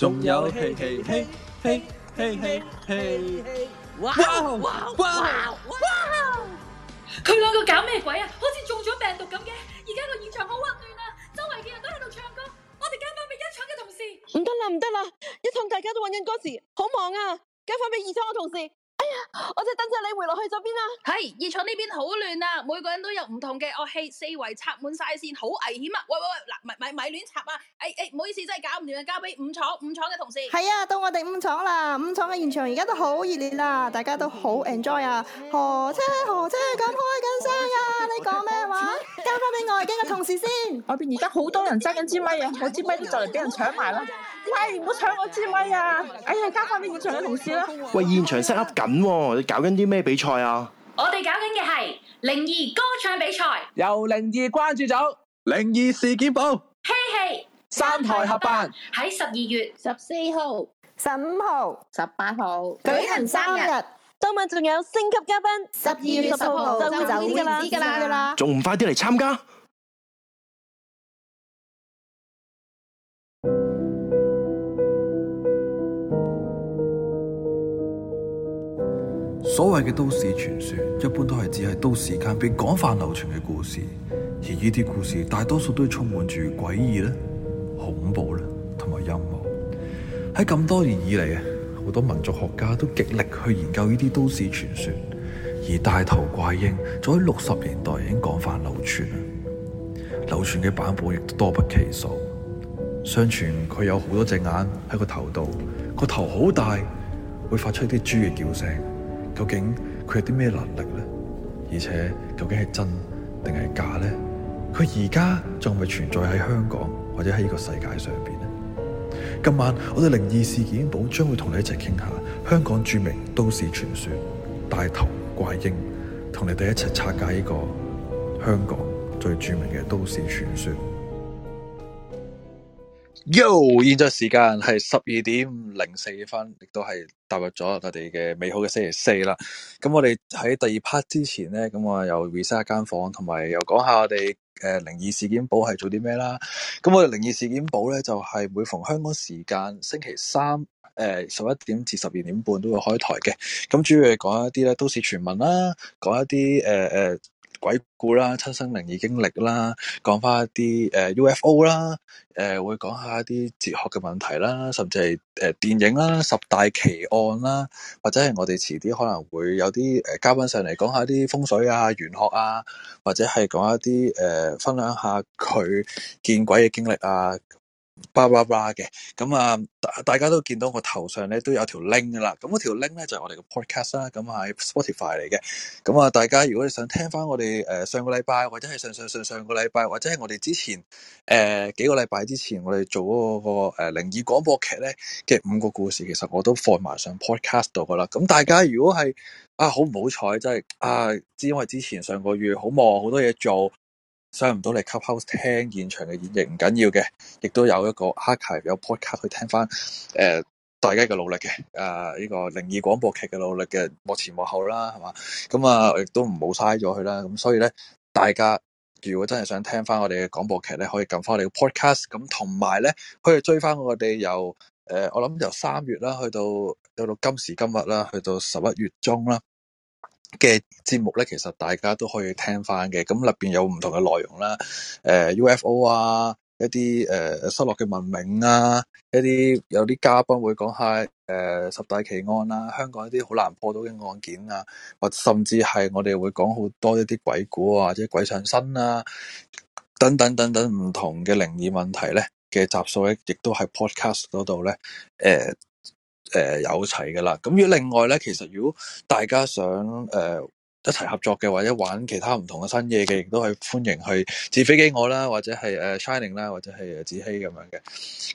S1: 仲有奇奇，嘿嘿
S3: 嘿嘿嘿！哇！ 哇！哇！ 哇！佢兩個搞咩鬼啊？好似中咗病毒咁嘅，而家個現場好混亂啊！周圍嘅人
S2: 都喺度唱歌，我哋交翻俾一廠嘅同事。唔得啦，唔得啦！一廠大家都揾緊歌詞，好忙啊！交翻俾二廠嘅同事。我哋等陣你回落去咗邊啊！係二廠呢邊好亂啊，每個人都有唔同嘅樂器，四圍插滿晒線，好危險啊！喂喂喂，嗱，咪咪咪亂插啊！誒、哎、誒，唔好意思，真係搞唔掂，啊！交俾五廠五廠嘅同事。係
S5: 啊，到我哋五廠啦，五廠嘅現場而家都好熱烈啦，大家都好 enjoy 啊！何車何車咁
S2: 開緊聲啊！你講咩話？交翻俾外景嘅同事先。外邊而家好多人揸緊支咪啊，我支咪就嚟俾人搶埋啦。 喂，唔好搶我支咪啊！哎呀，加
S4: 快啲現場嘅同事啦！喂，現場 set up 緊喎，你搞緊啲咩比賽啊？
S2: 我哋搞緊嘅係靈異歌唱比賽，
S4: 由靈異關注組，靈異事件簿，嘿
S2: 嘿，三台合辦，喺十二月十四號、十五號、十八號舉行三日，
S3: 當晚仲有星級嘉賓，十二月十號就會走噶啦，仲唔快啲嚟參加？
S1: 所謂嘅都市傳說，一般都係指係都市間被廣泛流傳嘅故事，而呢啲故事大多數都充滿住詭異咧、恐怖咧，同埋陰謀。喺咁多年以嚟啊，好多民俗學家都極力去研究呢啲都市傳說，而大頭怪嬰早喺六十年代已經廣泛流傳，流傳嘅版本亦都多不其數。相傳佢有好多隻眼喺個頭度，個頭好大，會發出啲豬嘅叫聲。究竟佢有啲咩能力呢？而且究竟係真定係假呢？佢而家仲係咪存在喺香港或者喺呢個世界上邊呢？今晚我哋靈異事件簿將會同你一齊傾下香港著名都市傳說大頭怪嬰，同你哋一齊拆解呢個香港最著名嘅都市傳說。Yo，現在時間係十二點零四分，亦都係踏入咗我哋嘅美好嘅星期四啦。咁我哋喺第二 part 之前咧，咁我又 reset 一間房間，同埋又講下我哋誒靈異事件簿係做啲咩啦。咁我哋靈異事件簿咧，就係、是、每逢香港時間星期三誒十一點至十二點半都會開台嘅。咁主要係講一啲咧都市傳聞啦，講一啲誒誒。呃呃鬼故啦，親身靈異經歷啦，講翻一啲誒、呃、UFO 啦，誒、呃、會講下一啲哲學嘅問題啦，甚至係誒、呃、電影啦，十大奇案啦，或者係我哋遲啲可能會有啲誒、呃、嘉賓上嚟講下啲風水啊、玄學啊，或者係講一啲誒、呃、分享下佢見鬼嘅經歷啊。叭叭叭嘅，咁啊、嗯，大家都見到我頭上咧都有條 link 㗎喇。咁、嗯、嗰條 link 咧就係、是、我哋個 podcast 啦，咁係 Spotify 嚟嘅。咁啊、嗯，大家如果你想聽翻我哋誒上個禮拜，或者係上上上上個禮拜，或者係我哋之前誒、呃、幾個禮拜之前我哋做嗰個誒靈異廣播劇咧嘅五個故事，其實我都放埋上 podcast 度噶啦。咁、嗯、大家如果係啊好唔好彩，真係啊知因為我之前上個月好忙好多嘢做。上唔到嚟 Clubhouse 聽現場嘅演繹唔緊要嘅，亦都有一個 hack 有 Podcast 去聽翻誒、呃、大家嘅努力嘅啊呢個靈異廣播劇嘅努力嘅幕前幕後啦係嘛，咁啊亦都唔好嘥咗佢啦，咁所以咧大家如果真係想聽翻我哋嘅廣播劇咧，可以撳翻我哋嘅 Podcast，咁同埋咧可以追翻我哋由誒、呃、我諗由三月啦，去到到到今時今日啦，去到十一月中啦。嘅節目咧，其實大家都可以聽翻嘅。咁入邊有唔同嘅內容啦，誒、呃、UFO 啊，一啲誒、呃、失落嘅文明啊，一啲有啲嘉賓會講下誒十大奇案啊，香港一啲好難破到嘅案件啊，或者甚至係我哋會講好多一啲鬼故啊，或者鬼上身啊，等等等等唔同嘅靈異問題咧嘅集數咧，亦都係 podcast 嗰度咧，誒、呃。誒、呃，有齊噶啦，咁如果另外咧，其實如果大家想誒、呃、一齊合作嘅，或者玩其他唔同嘅新嘢嘅，亦都係歡迎去自飛機我啦，或者係誒呃、Shining 啦，或者係誒子希咁樣嘅。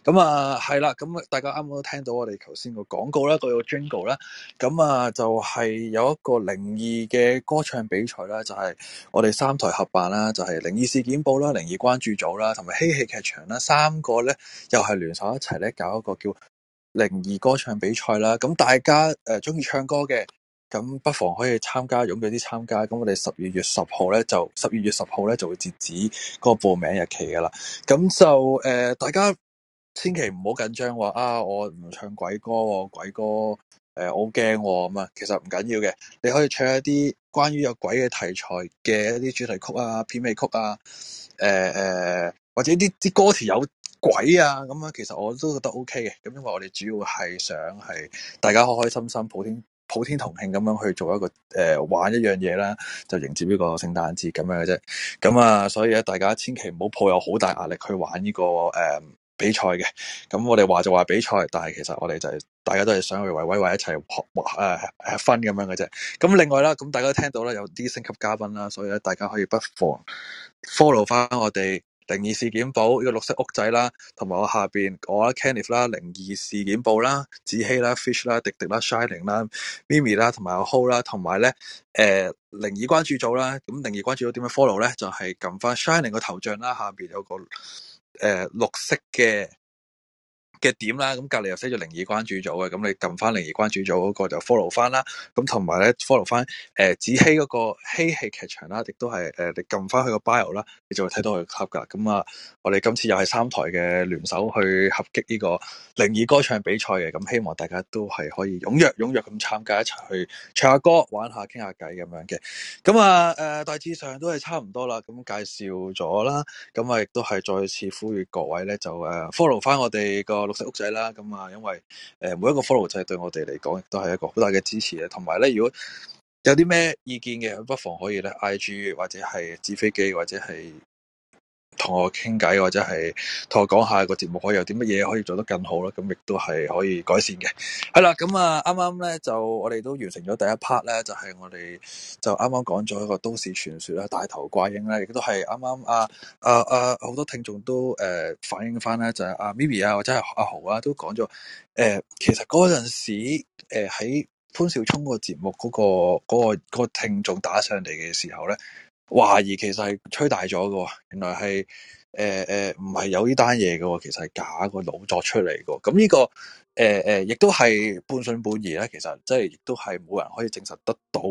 S1: 咁、嗯、啊，係啦，咁大家啱啱都聽到我哋頭先個廣告啦，個 Jingle 啦，咁、嗯、啊就係、是、有一個靈異嘅歌唱比賽啦，就係、是、我哋三台合辦啦，就係靈異事件簿啦、靈異關注組啦、同埋嬉戲劇場啦，三個咧又係聯手一齊咧搞一個叫。靈異歌唱比賽啦，咁大家誒中意唱歌嘅，咁不妨可以參加，踴躍啲參加。咁我哋十二月十號咧，就十二月十號咧就會截止嗰個報名日期噶啦。咁就誒、呃，大家千祈唔好緊張話啊，我唔唱鬼歌、哦，鬼歌誒、呃，我好驚咁啊，其實唔緊要嘅，你可以唱一啲關於有鬼嘅題材嘅一啲主題曲啊、片尾曲啊，誒、呃、誒，或者啲啲歌詞有鬼啊！咁啊，其實我都覺得 OK 嘅，咁因為我哋主要係想係大家開開心心、普天普天同慶咁樣去做一個誒、呃、玩一樣嘢啦，就迎接呢個聖誕節咁樣嘅啫。咁、嗯、啊，所以咧，大家千祈唔好抱有好大壓力去玩呢、這個誒、呃、比賽嘅。咁、嗯、我哋話就話比賽，但係其實我哋就係、是、大家都係想去為偉偉一齊學誒、呃、分咁樣嘅啫。咁、嗯、另外啦，咁、嗯、大家都聽到啦，有啲星級嘉賓啦，所以咧大家可以不妨 follow 翻我哋。靈異事件簿呢、這個綠色屋仔啦，同埋我下邊我啦、啊、Kenneth 啦、靈異事件簿啦、子希啦、Fish 啦、迪迪啦、Shining 啦、Mimi 啦，同埋阿 Ho 啦，同埋咧誒靈異關注組啦，咁、嗯、靈異關注組點樣 follow 咧？就係、是、撳翻 Shining 個頭像啦，下邊有個誒、呃、綠色嘅。嘅點啦，咁隔離又寫咗靈異關注組嘅，咁你撳翻靈異關注組嗰個就 follow 翻啦。咁同埋咧 follow 翻誒紫希嗰個嬉戲劇場啦，亦都係誒、呃、你撳翻佢個 bio 啦，你就會睇到佢 club 噶。咁啊，我哋今次又係三台嘅聯手去合擊呢個靈異歌唱比賽嘅，咁希望大家都係可以踴躍踴躍咁參加一齊去唱下歌、玩下、傾下偈咁樣嘅。咁啊誒、呃、大致上都係差唔多啦，咁介紹咗啦，咁啊亦都係再次呼籲各位咧就誒 follow 翻我哋個。綠色屋仔啦，咁啊，因為誒、呃、每一個 follow 就係對我哋嚟講，亦都係一個好大嘅支持咧，同埋咧，如果有啲咩意見嘅，不妨可以咧 IG 或者係紙飛機或者係。同我傾偈，或者係同我講下個節目可以有啲乜嘢可以做得更好咧？咁亦都係可以改善嘅。係 啦，咁啊，啱啱咧就我哋都完成咗第一 part 咧，就係、是、我哋就啱啱講咗一個都市傳說啦，大頭怪嬰啦，亦都係啱啱啊啊啊好、啊、多聽眾都誒、呃、反映翻咧、啊，就係阿 Mimi 啊或者係阿、啊、豪啊都講咗誒、呃，其實嗰陣時喺、呃、潘少聰個節目嗰、嗰個嗰、嗰個嗰、嗰個嗰個、聽眾打上嚟嘅時候咧。懷疑其實係吹大咗嘅，原來係誒誒唔係有呢單嘢嘅，其實係假個腦作出嚟嘅。咁呢個誒誒亦都係半信半疑啦。其實即係亦都係冇人可以證實得到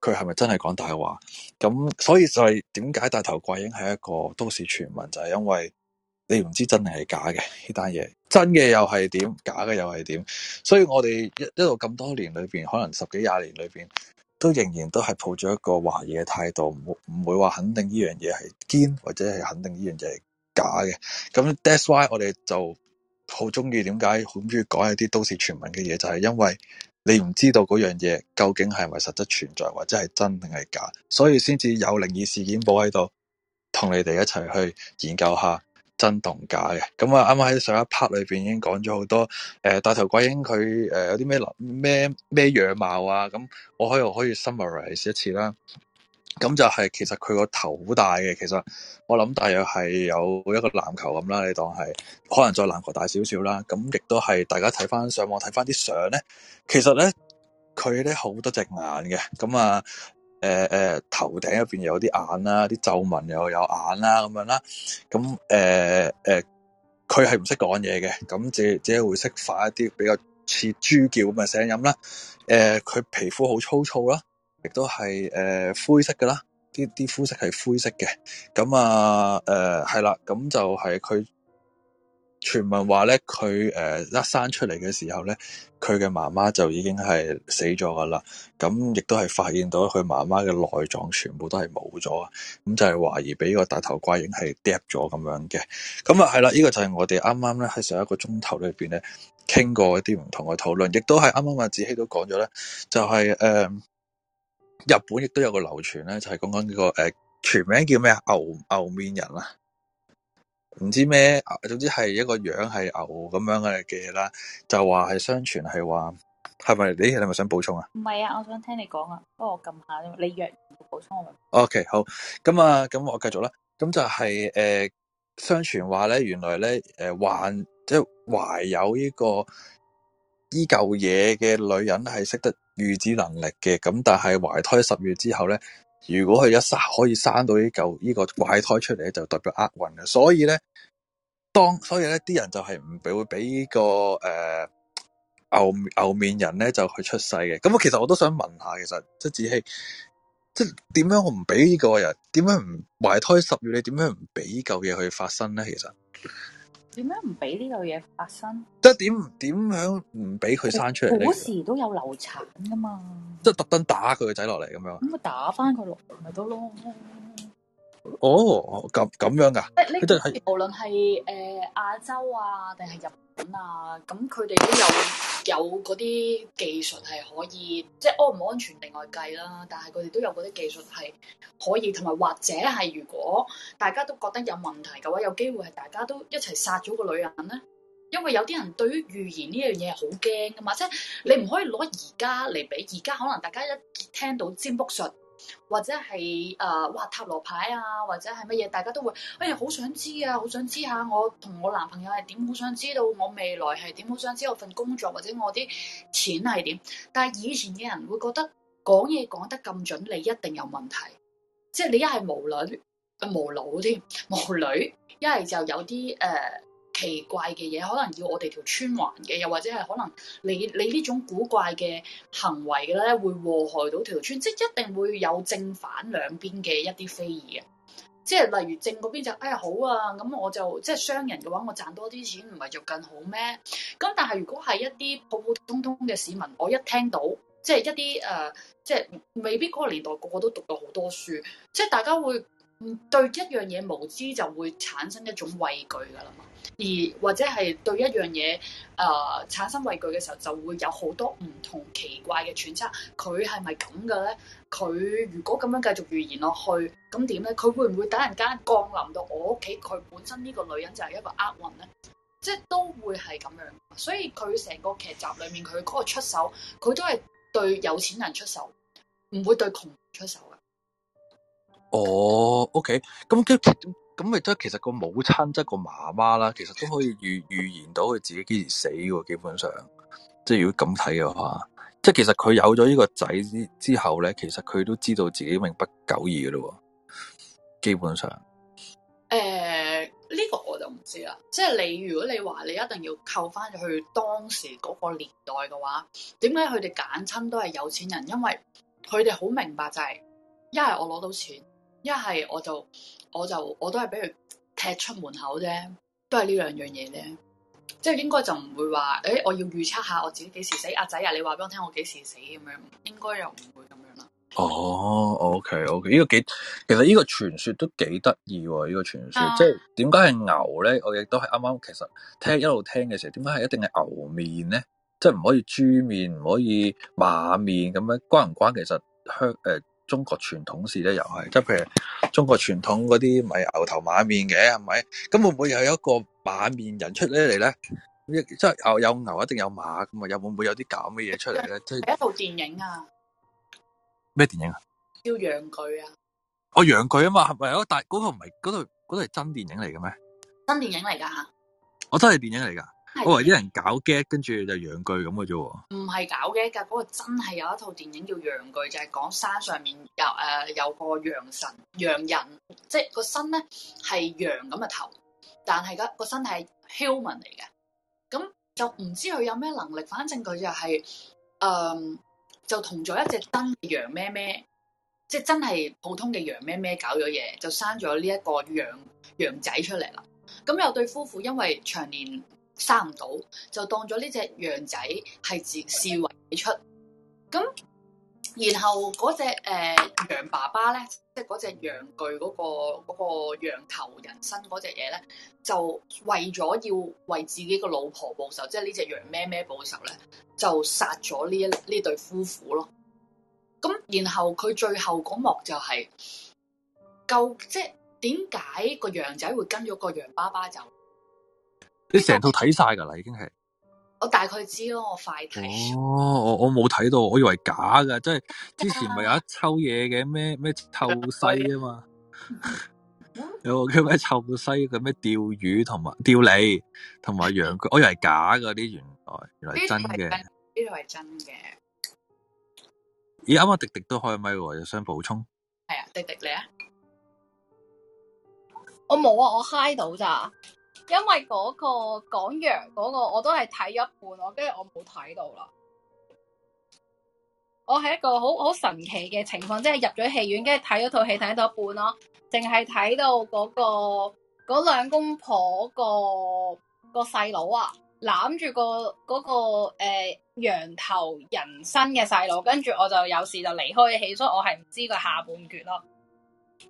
S1: 佢係咪真係講大話。咁所以就係點解大頭怪嬰係一個都市傳聞？就係因為你唔知真係係假嘅呢單嘢，真嘅又係點，假嘅又係點。所以我哋一一路咁多年裏邊，可能十幾廿年裏邊。都仍然都係抱住一個懷疑嘅態度，唔唔會話肯定呢樣嘢係堅，或者係肯定呢樣嘢係假嘅。咁 that's why 我哋就好中意點解好中意講一啲都市傳聞嘅嘢，就係因為你唔知道嗰樣嘢究竟係咪實質存在，或者係真定係假，所以先至有靈異事件簿喺度，同你哋一齊去研究下。真同假嘅，咁啊，啱啱喺上一 part 裏邊已經講咗好多，誒、呃，大頭怪嬰佢誒有啲咩流咩咩樣貌啊？咁我可以我可以 summarize 一次啦。咁就係其實佢個頭好大嘅，其實我諗大約係有一個籃球咁啦，你當係可能再籃球大少少啦。咁亦都係大家睇翻上網睇翻啲相咧，其實咧佢咧好多隻眼嘅，咁啊。誒誒、呃，頭頂入邊有啲眼啦，啲皺紋又有眼啦，咁樣啦。咁誒誒，佢係唔識講嘢嘅，咁自只係會識發一啲比較似豬叫咁嘅聲音啦。誒、呃，佢皮膚好粗糙啦，亦都係誒灰色嘅啦，啲啲膚色係灰色嘅。咁啊，誒係啦，咁就係佢。傳聞話咧，佢誒一生出嚟嘅時候咧，佢嘅媽媽就已經係死咗噶啦，咁亦都係發現到佢媽媽嘅內臟全部都係冇咗，咁就係懷疑俾個大頭怪嬰係嗒咗咁樣嘅，咁啊係啦，呢、這個就係我哋啱啱咧喺上一個鐘頭裏邊咧，傾過一啲唔同嘅討論，亦都係啱啱阿子希都講咗咧，就係、是、誒、呃，日本亦都有個流傳咧，就係講緊呢個誒、呃、全名叫咩啊牛牛面人啊。唔知咩，總之係一個樣係牛咁樣嘅嘅嘢啦，就話係相傳係話係咪？你你係咪想補充啊？
S2: 唔係啊，我想聽你講啊，不過我撳下啫。你若補充我，我。
S1: OK，好。咁啊，咁我繼續啦。咁就係、是、誒、呃，相傳話咧，原來咧誒懷即係懷有呢、這個呢舊嘢嘅女人係識得預知能力嘅，咁但係懷胎十月之後咧。如果佢一生可以生到呢舊呢個怪胎出嚟咧，就代表厄運嘅。所以咧，當所以咧，啲人就係唔會俾、呢個誒、呃、牛牛面人咧就去出世嘅。咁啊，其實我都想問下，其實即係子希，即係點樣我唔俾呢個人？點樣唔懷胎十月？你點樣唔俾呢舊嘢去發生咧？其實。
S2: 點樣唔俾呢個嘢發生？
S1: 即係點點樣唔俾佢生出嚟？古時
S2: 都有流產噶嘛，
S1: 即係特登打佢個仔落嚟咁樣。咁
S2: 咪打翻佢落咪得咯。
S1: 哦，咁咁樣噶，誒，即係呢度係
S2: 無論係誒亞洲啊，定係日本啊，咁佢哋都有有嗰啲技術係可以，即係安唔安全另外計啦。但係佢哋都有嗰啲技術係可以，同埋或者係如果大家都覺得有問題嘅話，有機會係大家都一齊殺咗個女人咧。因為有啲人對於預言呢樣嘢係好驚噶嘛，即係你唔可以攞而家嚟比，而家可能大家一聽到占卜術。或者係誒，畫、呃、塔羅牌啊，或者係乜嘢，大家都會哎呀，好想知啊，好想知下、啊、我同我男朋友係點，好想知道我未來係點，好想知道份工作或者我啲錢係點。但係以前嘅人會覺得講嘢講得咁準，你一定有問題，即係你一係無腦，無腦添，無腦；一係就有啲誒。呃奇怪嘅嘢，可能要我哋條村還嘅，又或者係可能你你呢種古怪嘅行為嘅咧，會禍害到條村，即係一定會有正反兩邊嘅一啲非議嘅，即係例如正嗰邊就哎呀好啊，咁我就即係商人嘅話我，我賺多啲錢唔係就更好咩？咁但係如果係一啲普普通通嘅市民，我一聽到即係一啲誒、呃、即係未必嗰個年代個個都讀到好多書，即係大家會。嗯，對一樣嘢，無知就會產生一種畏懼噶啦嘛，而或者係對一樣嘢誒、呃、產生畏懼嘅時候，就會有好多唔同奇怪嘅揣測，佢係咪咁嘅咧？佢如果咁樣繼續預言落去，咁點咧？佢會唔會等陣間降臨到我屋企？佢本身呢個女人就係一個厄運咧，即係都會係咁樣。所以佢成個劇集裏面，佢嗰個出手，佢都係對有錢人出手，唔會對窮人出手噶。
S1: 哦，OK，咁即係咁，咁亦都其實個母親即係個媽媽啦，其實都可以預預言到佢自己幾時死嘅。基本上，即係如果咁睇嘅話，即係其實佢有咗呢個仔之之後咧，其實佢都知道自己命不久矣嘅咯，基本上，
S2: 誒，呢個我就唔知啦。即係你如果你話你一定要扣翻去當時嗰個年代嘅話，點解佢哋揀親都係有錢人？因為佢哋好明白就係，一係我攞到錢。一係我就我就我都係俾佢踢出門口啫，都係呢兩樣嘢咧。即係應該就唔會話誒、欸，我要預測下我自己幾時死。阿、啊、仔啊，你話俾我聽我幾時死咁樣，應該又唔
S1: 會咁樣啦。哦，OK OK，呢個幾其實呢個傳說都幾得意喎。呢個傳說即係點解係牛咧？我亦都係啱啱其實聽一路聽嘅時候，點解係一定係牛面咧？即係唔可以豬面，唔可以馬面咁樣關唔關？其實香誒。呃中國傳統事咧又係，即係譬如中國傳統嗰啲咪牛頭馬面嘅係咪？咁會唔會又有一個馬面人出呢嚟咧？即係牛有牛一定有馬，咁啊又會唔會有啲搞咩嘢出嚟咧？即係一部
S2: 電影啊！咩電影啊？叫
S1: 羊具啊、哦《羊具》啊！我《羊具》啊嘛，係咪啊？但、那、嗰個唔係嗰度嗰度係真電影嚟嘅咩？
S2: 真電影嚟㗎吓？
S1: 我真係電影嚟㗎。我話、哦、一人搞嘅，跟住就羊具咁嘅啫。
S2: 唔係搞嘅，嗰個真係有一套電影叫《羊具》，就係、是、講山上面有誒、呃、有個羊神、羊人，即係個身咧係羊咁嘅頭，但係個身體係 human 嚟嘅。咁就唔知佢有咩能力，反正佢就係、是、誒、呃、就同咗一隻真嘅羊咩咩，即係真係普通嘅羊咩咩搞咗嘢，就生咗呢一個羊羊仔出嚟啦。咁有對夫婦因為長年。生唔到，就當咗呢隻羊仔係自視為己出。咁，然後嗰隻誒羊爸爸咧，即係嗰隻羊具嗰個嗰個羊頭人身嗰隻嘢咧，就為咗要為自己個老婆報仇，即係呢隻羊咩咩報仇咧，就殺咗呢一呢對夫婦咯。咁，然後佢最後嗰幕就係，夠即係點解個羊仔會跟咗個羊爸爸走？
S1: 你成套睇晒噶啦，已經係。
S2: 我大概知咯，我快
S1: 睇。哦，我我冇睇到，我以為假噶，即係之前咪有一抽嘢嘅咩咩透西啊嘛。 嗯、 有個叫咩透西？個咩釣魚同埋釣鯉同埋養龜，羊 我以為假噶啲，原來原來真嘅。呢
S2: 度係真嘅。
S1: 真咦，啱啱迪迪都開咪，有想補充？
S2: 係啊，迪迪你啊。我冇啊，我嗨到咋。因為嗰個講羊嗰個，我都係睇咗一半咯，我跟住我冇睇到啦。我係一個好好神奇嘅情況，即係入咗戲院，跟住睇咗套戲睇到一半咯，淨係睇到嗰個嗰兩公婆個個細佬啊，攬住個嗰個誒、呃、羊頭人身嘅細佬，跟住我就有事就離開戲，所以我係唔知個下半決咯。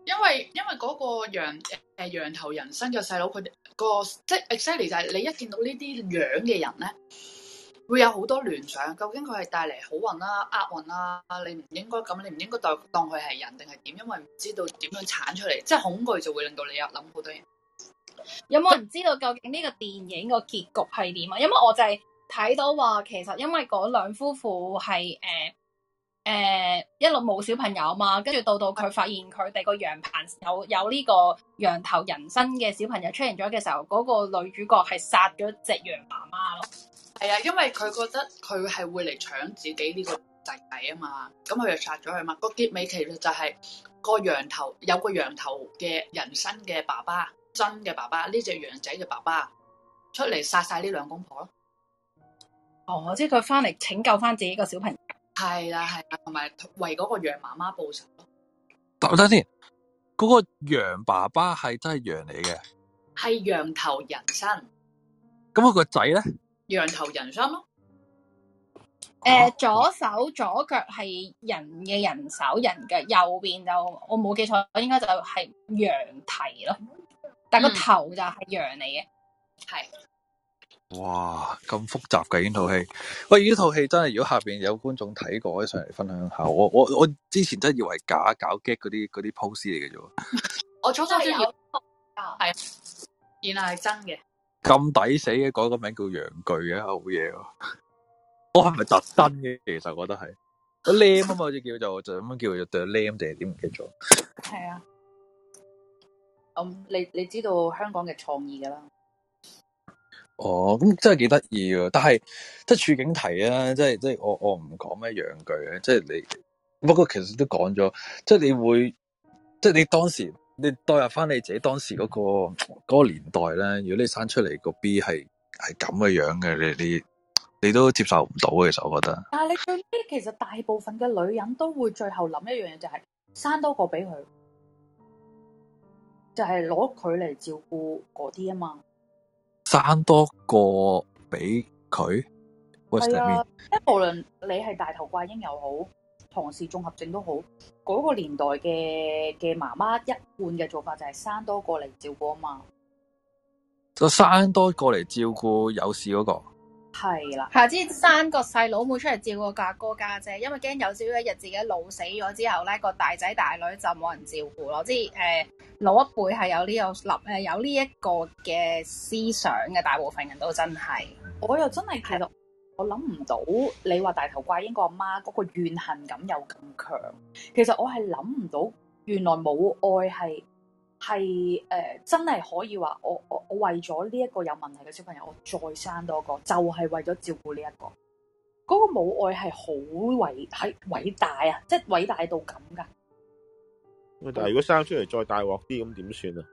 S2: 因為因為嗰個羊誒、呃、羊頭人身嘅細佬，佢哋。個即係 exactly 就係你一見到呢啲樣嘅人咧，會有好多聯想。究竟佢係帶嚟好運啦，啊、厄運啦、啊？你唔應該咁，你唔應該當當佢係人定係點？因為唔知道點樣產出嚟，即係恐懼就會令到你有諗好多嘢。有冇人知道究竟呢個電影個結局係點啊？因為我就係睇到話，其實因為嗰兩夫婦係誒。呃誒，uh, 一路冇小朋友啊嘛，跟住到到佢發現佢哋個羊棚有有呢個羊頭人身嘅小朋友出現咗嘅時候，嗰、那個女主角係殺咗隻羊媽媽咯。係啊，因為佢覺得佢係會嚟搶自己呢個仔仔啊嘛，咁佢就殺咗佢嘛。個結尾其實就係個羊頭有個羊頭嘅人身嘅爸爸，真嘅爸爸呢隻、這個、羊仔嘅爸爸出嚟殺晒呢兩公婆咯。哦，即係佢翻嚟拯救翻自己個小朋友。係啦，係啦，同埋為嗰個羊媽媽報仇咯。
S1: 等我睇下先，嗰、嗰個羊爸爸係真係羊嚟嘅，
S2: 係羊頭人身。
S1: 咁佢個仔咧，羊
S2: 頭人身咯。誒、呃，左手左腳係人嘅人手人腳，右邊就我冇記錯，應該就係羊蹄咯。但個頭就係羊嚟嘅，係、嗯。
S3: 哇，
S1: 咁複雜嘅呢套戲，喂，呢套戲真係，如果下邊有觀眾睇過咧，上嚟分享下。我我我之前真以為假搞激嗰啲啲 pose 嚟嘅啫，
S2: 我初初係以為係，原來係真嘅，
S1: 咁抵死嘅改個名叫陽具嘅好嘢、啊，我係咪特登嘅？其實我覺得係，lem 啊嘛，好似 叫做就咁樣叫做，叫 lem 定係點唔記得，係啊。咁、嗯、你你知道香港嘅創意噶
S2: 啦。
S1: 哦，咁、嗯、真係幾得意噶，但係即係處境題啊，即係即係我我唔講咩樣句嘅，即係你不過其實都講咗，即係你會即係你當時你代入返你自己當時嗰，個嗰個年代咧，如果你生出嚟個 B 係係咁嘅樣嘅，你你你都接受唔到嘅，其實我覺得。
S2: 但係你最尾，其實大部分嘅女人都會最後諗一樣嘢，就係、是、生多個俾佢，就係攞佢嚟照顧嗰啲啊嘛。
S1: 生多個畀佢，係啊！即
S2: 係無論你係大頭怪嬰又好，唐氏綜合症都好，嗰個年代嘅嘅媽媽一貫嘅做法就係生多個嚟照顧啊嘛，
S1: 就生多個嚟照顧有事嗰個。
S2: 係啦，下之生個細佬妹出嚟照顧個阿哥家姐，姐，因為驚有朝一日自己老死咗之後咧，個大仔大女就冇人照顧咯。即係誒，老一輩係有呢、個立誒，有呢一個嘅思想嘅，大部分人都真係。我又真係，睇到，我諗唔到你話大頭怪嬰個阿媽嗰個怨恨感有咁強。其實我係諗唔到，原來冇愛係。係誒、呃，真係可以話我我我為咗呢一個有問題嘅小朋友，我再生多個，就係、是、為咗照顧呢一個。嗰、那個母愛係好偉，係偉大啊！即係偉大到咁噶。
S4: 但係如果生出嚟再大鑊啲，咁點算啊？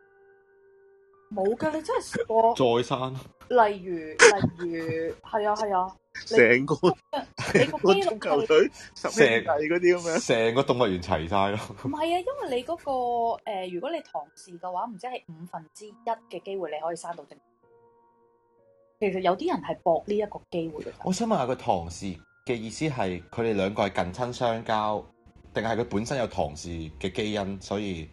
S2: 冇噶，你真係多 再生。例如，例如，係啊，係啊。成個你個球隊，成計啲
S6: 咁樣，成個動物園齊晒咯。
S2: 唔係啊，因為你嗰、嗰個誒、呃，如果你唐氏嘅話，唔知係五分之一嘅機會你可以生到正。
S4: 其實
S2: 有啲人係搏呢一個機
S3: 會嘅。
S6: 我想問下個唐氏嘅意思係，佢哋兩個係近親相交，定係佢本身有唐氏嘅基因，所以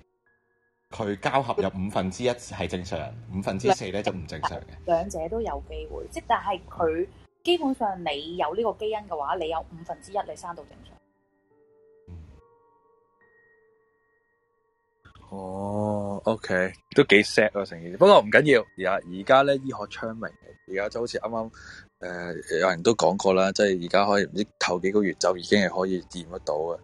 S6: 佢交合有五分之一係正常， 五分之四咧 就唔正常嘅。
S2: 兩者都有機會，即但係佢。基本上你有呢個基因嘅話，你有五分之一你生到正常。
S1: 哦，oh，OK，都幾 sad 啊，成件事。不過唔緊要，而家而家咧，醫學昌明，而家就好似啱啱誒，有人都講過啦，即係而家可以唔知頭幾個月就已經係可以驗得到嘅。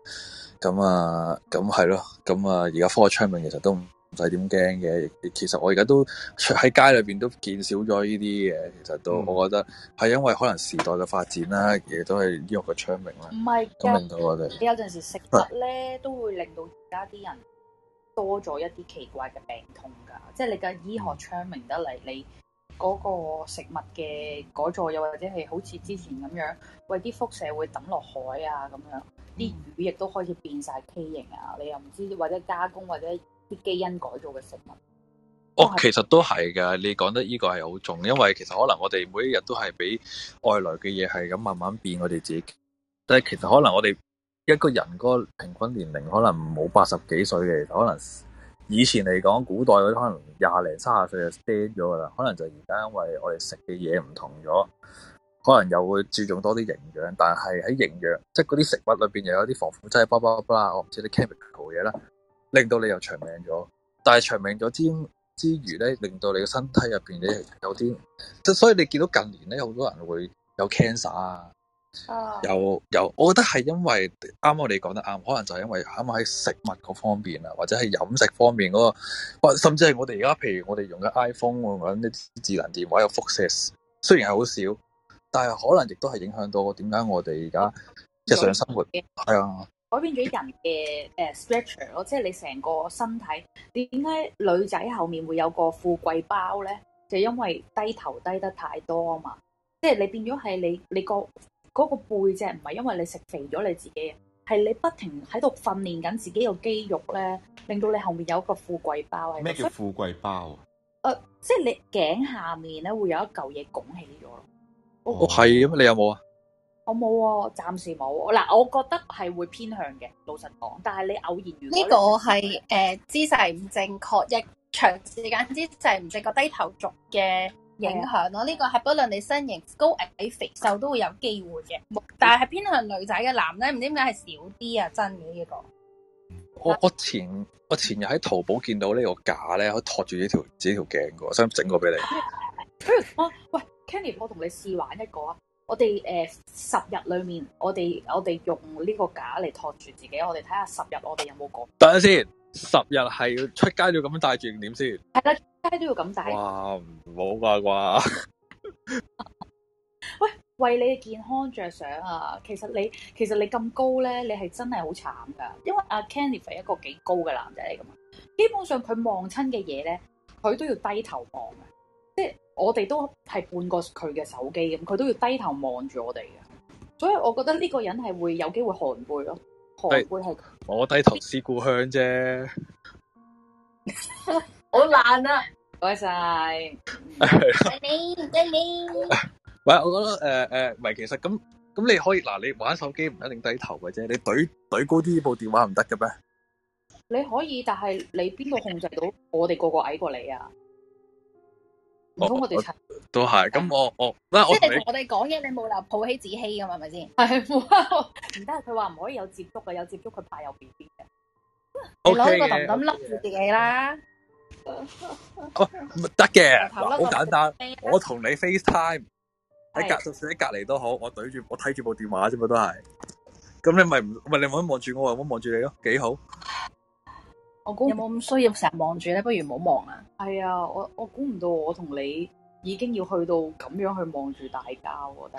S1: 咁啊，咁係咯，咁啊，而家科學昌明，其實都。唔使點驚嘅，其實我而家都喺街裏邊都見少咗呢啲嘅，其實都、嗯、我覺得係因為可能時代嘅發展啦，亦、嗯、都係醫學嘅昌明啦。唔係
S2: 噶，咁問到我哋，你有陣時食物咧都會令到而家啲人多咗一啲奇怪嘅病痛噶， 即係你嘅醫學昌明得嚟，你嗰個食物嘅改造又或者係好似之前咁樣，為啲輻射會抌落海啊，咁樣啲魚亦都開始變晒畸形啊，嗯、你又唔知或者加工或者。基因
S1: 改造嘅食物，哦，其實都係嘅。你講得呢個係好重，因為其實可能我哋每一日都係俾外來嘅嘢係咁慢慢變我哋自己。但係其實可能我哋一個人個平均年齡可能冇八十幾歲嘅，可能以前嚟講古代可能廿零三十歲就死咗㗎啦。可能就而家因為我哋食嘅嘢唔同咗，可能又會注重多啲營養。但係喺營養，即係嗰啲食物裏邊又有啲防腐劑、巴拉巴拉，我唔知啲 chemical 嘢啦。令到你又長命咗，但係長命咗之之餘咧，令到你個身體入邊咧有啲，所以你見到近年咧好多人會有 cancer 啊，
S3: 有
S1: 有，我覺得係因為啱我哋講得啱，可能就係因為啱啱喺食物嗰方面啊，或者係飲食方面嗰個，或甚至係我哋而家譬如我哋用嘅 iPhone 我或者啲智能電話有輻射，雖然係好少，但係可能亦都係影響到點解我哋而家日常生活係啊。
S2: 改變咗人嘅誒 stretch 咯，即係你成個身體，點解女仔後面會有個富貴包咧？就因為低頭低得太多啊嘛，即係你變咗係你你個嗰個背脊唔係因為你食肥咗你自己，係你不停喺度訓練緊自己個肌肉咧，令到你後面有個富貴包。咩叫
S3: 富
S1: 貴包
S2: 啊？誒、呃，即係你頸下面咧會有一嚿嘢拱起咗。哦，係
S1: 啊？你有冇啊？
S2: 我冇啊，暫時冇。嗱，我覺得係會偏向嘅，老實講。但係你偶然如果呢個係誒、呃、姿勢唔正確，亦長時間姿勢唔正確低頭族嘅影響咯。呢、嗯、個係不論你身形高矮肥瘦都會有機會嘅，但係係偏向女仔嘅男咧，唔知點解係少啲啊？真嘅呢、這個。
S1: 我我前我前日喺淘寶見到呢個架咧，可以托住呢條呢條鏡嘅，想整個俾你。
S2: 哎、喂 Kenny 我同你試玩一個啊！我哋誒、呃、十日裏面，我哋我哋用呢個架嚟托住自己，我哋睇下十日我哋有冇講。
S1: 等陣先，十日係出街都要咁樣戴住點
S5: 先？
S2: 係啦，出街都要咁戴。哇，
S5: 唔好啩啩！
S2: 喂，為你嘅健康着想啊！其實你其實你咁高咧，你係真係好慘噶，因為阿 Kenneth 係一個幾高嘅男仔嚟噶嘛，基本上佢望親嘅嘢咧，佢都要低頭望。即係我哋都係半個佢嘅手機咁，佢都要低頭望住我哋嘅，所以我覺得呢個人係會有機會寒背咯，寒背
S1: 係我低頭思故鄉啫，
S2: 好難啊！多謝，你唔得你，
S1: 喂，我覺得誒誒，唔係，其實咁咁你可以嗱，你玩手機唔一定低頭嘅啫，你懟懟高啲部電話唔得嘅咩？
S2: 你可以，但係你邊度控制到我哋個個矮過你啊？
S1: 唔通我哋擦、哦、都係，咁我我即我
S2: 哋講嘢，嗯、你冇留抱起子欺噶嘛？係咪先？係吧，唔得。 佢話唔可以有接觸嘅，有接觸佢怕有 B B 嘅。我攞 Okay, 個頭枕笠住自己啦。
S1: 哦，得嘅，好 簡單。 我同你 FaceTime 喺的隔，就算喺隔籬都好，我懟住我睇住部電話啫嘛，都係。咁你咪唔咪你唔好望住我，又唔好望住你咯，幾好。
S2: 我估有冇咁需要成日望住咧？不如唔好望啊！係啊，我我估唔到我同你已經要去到咁樣去望住大家喎。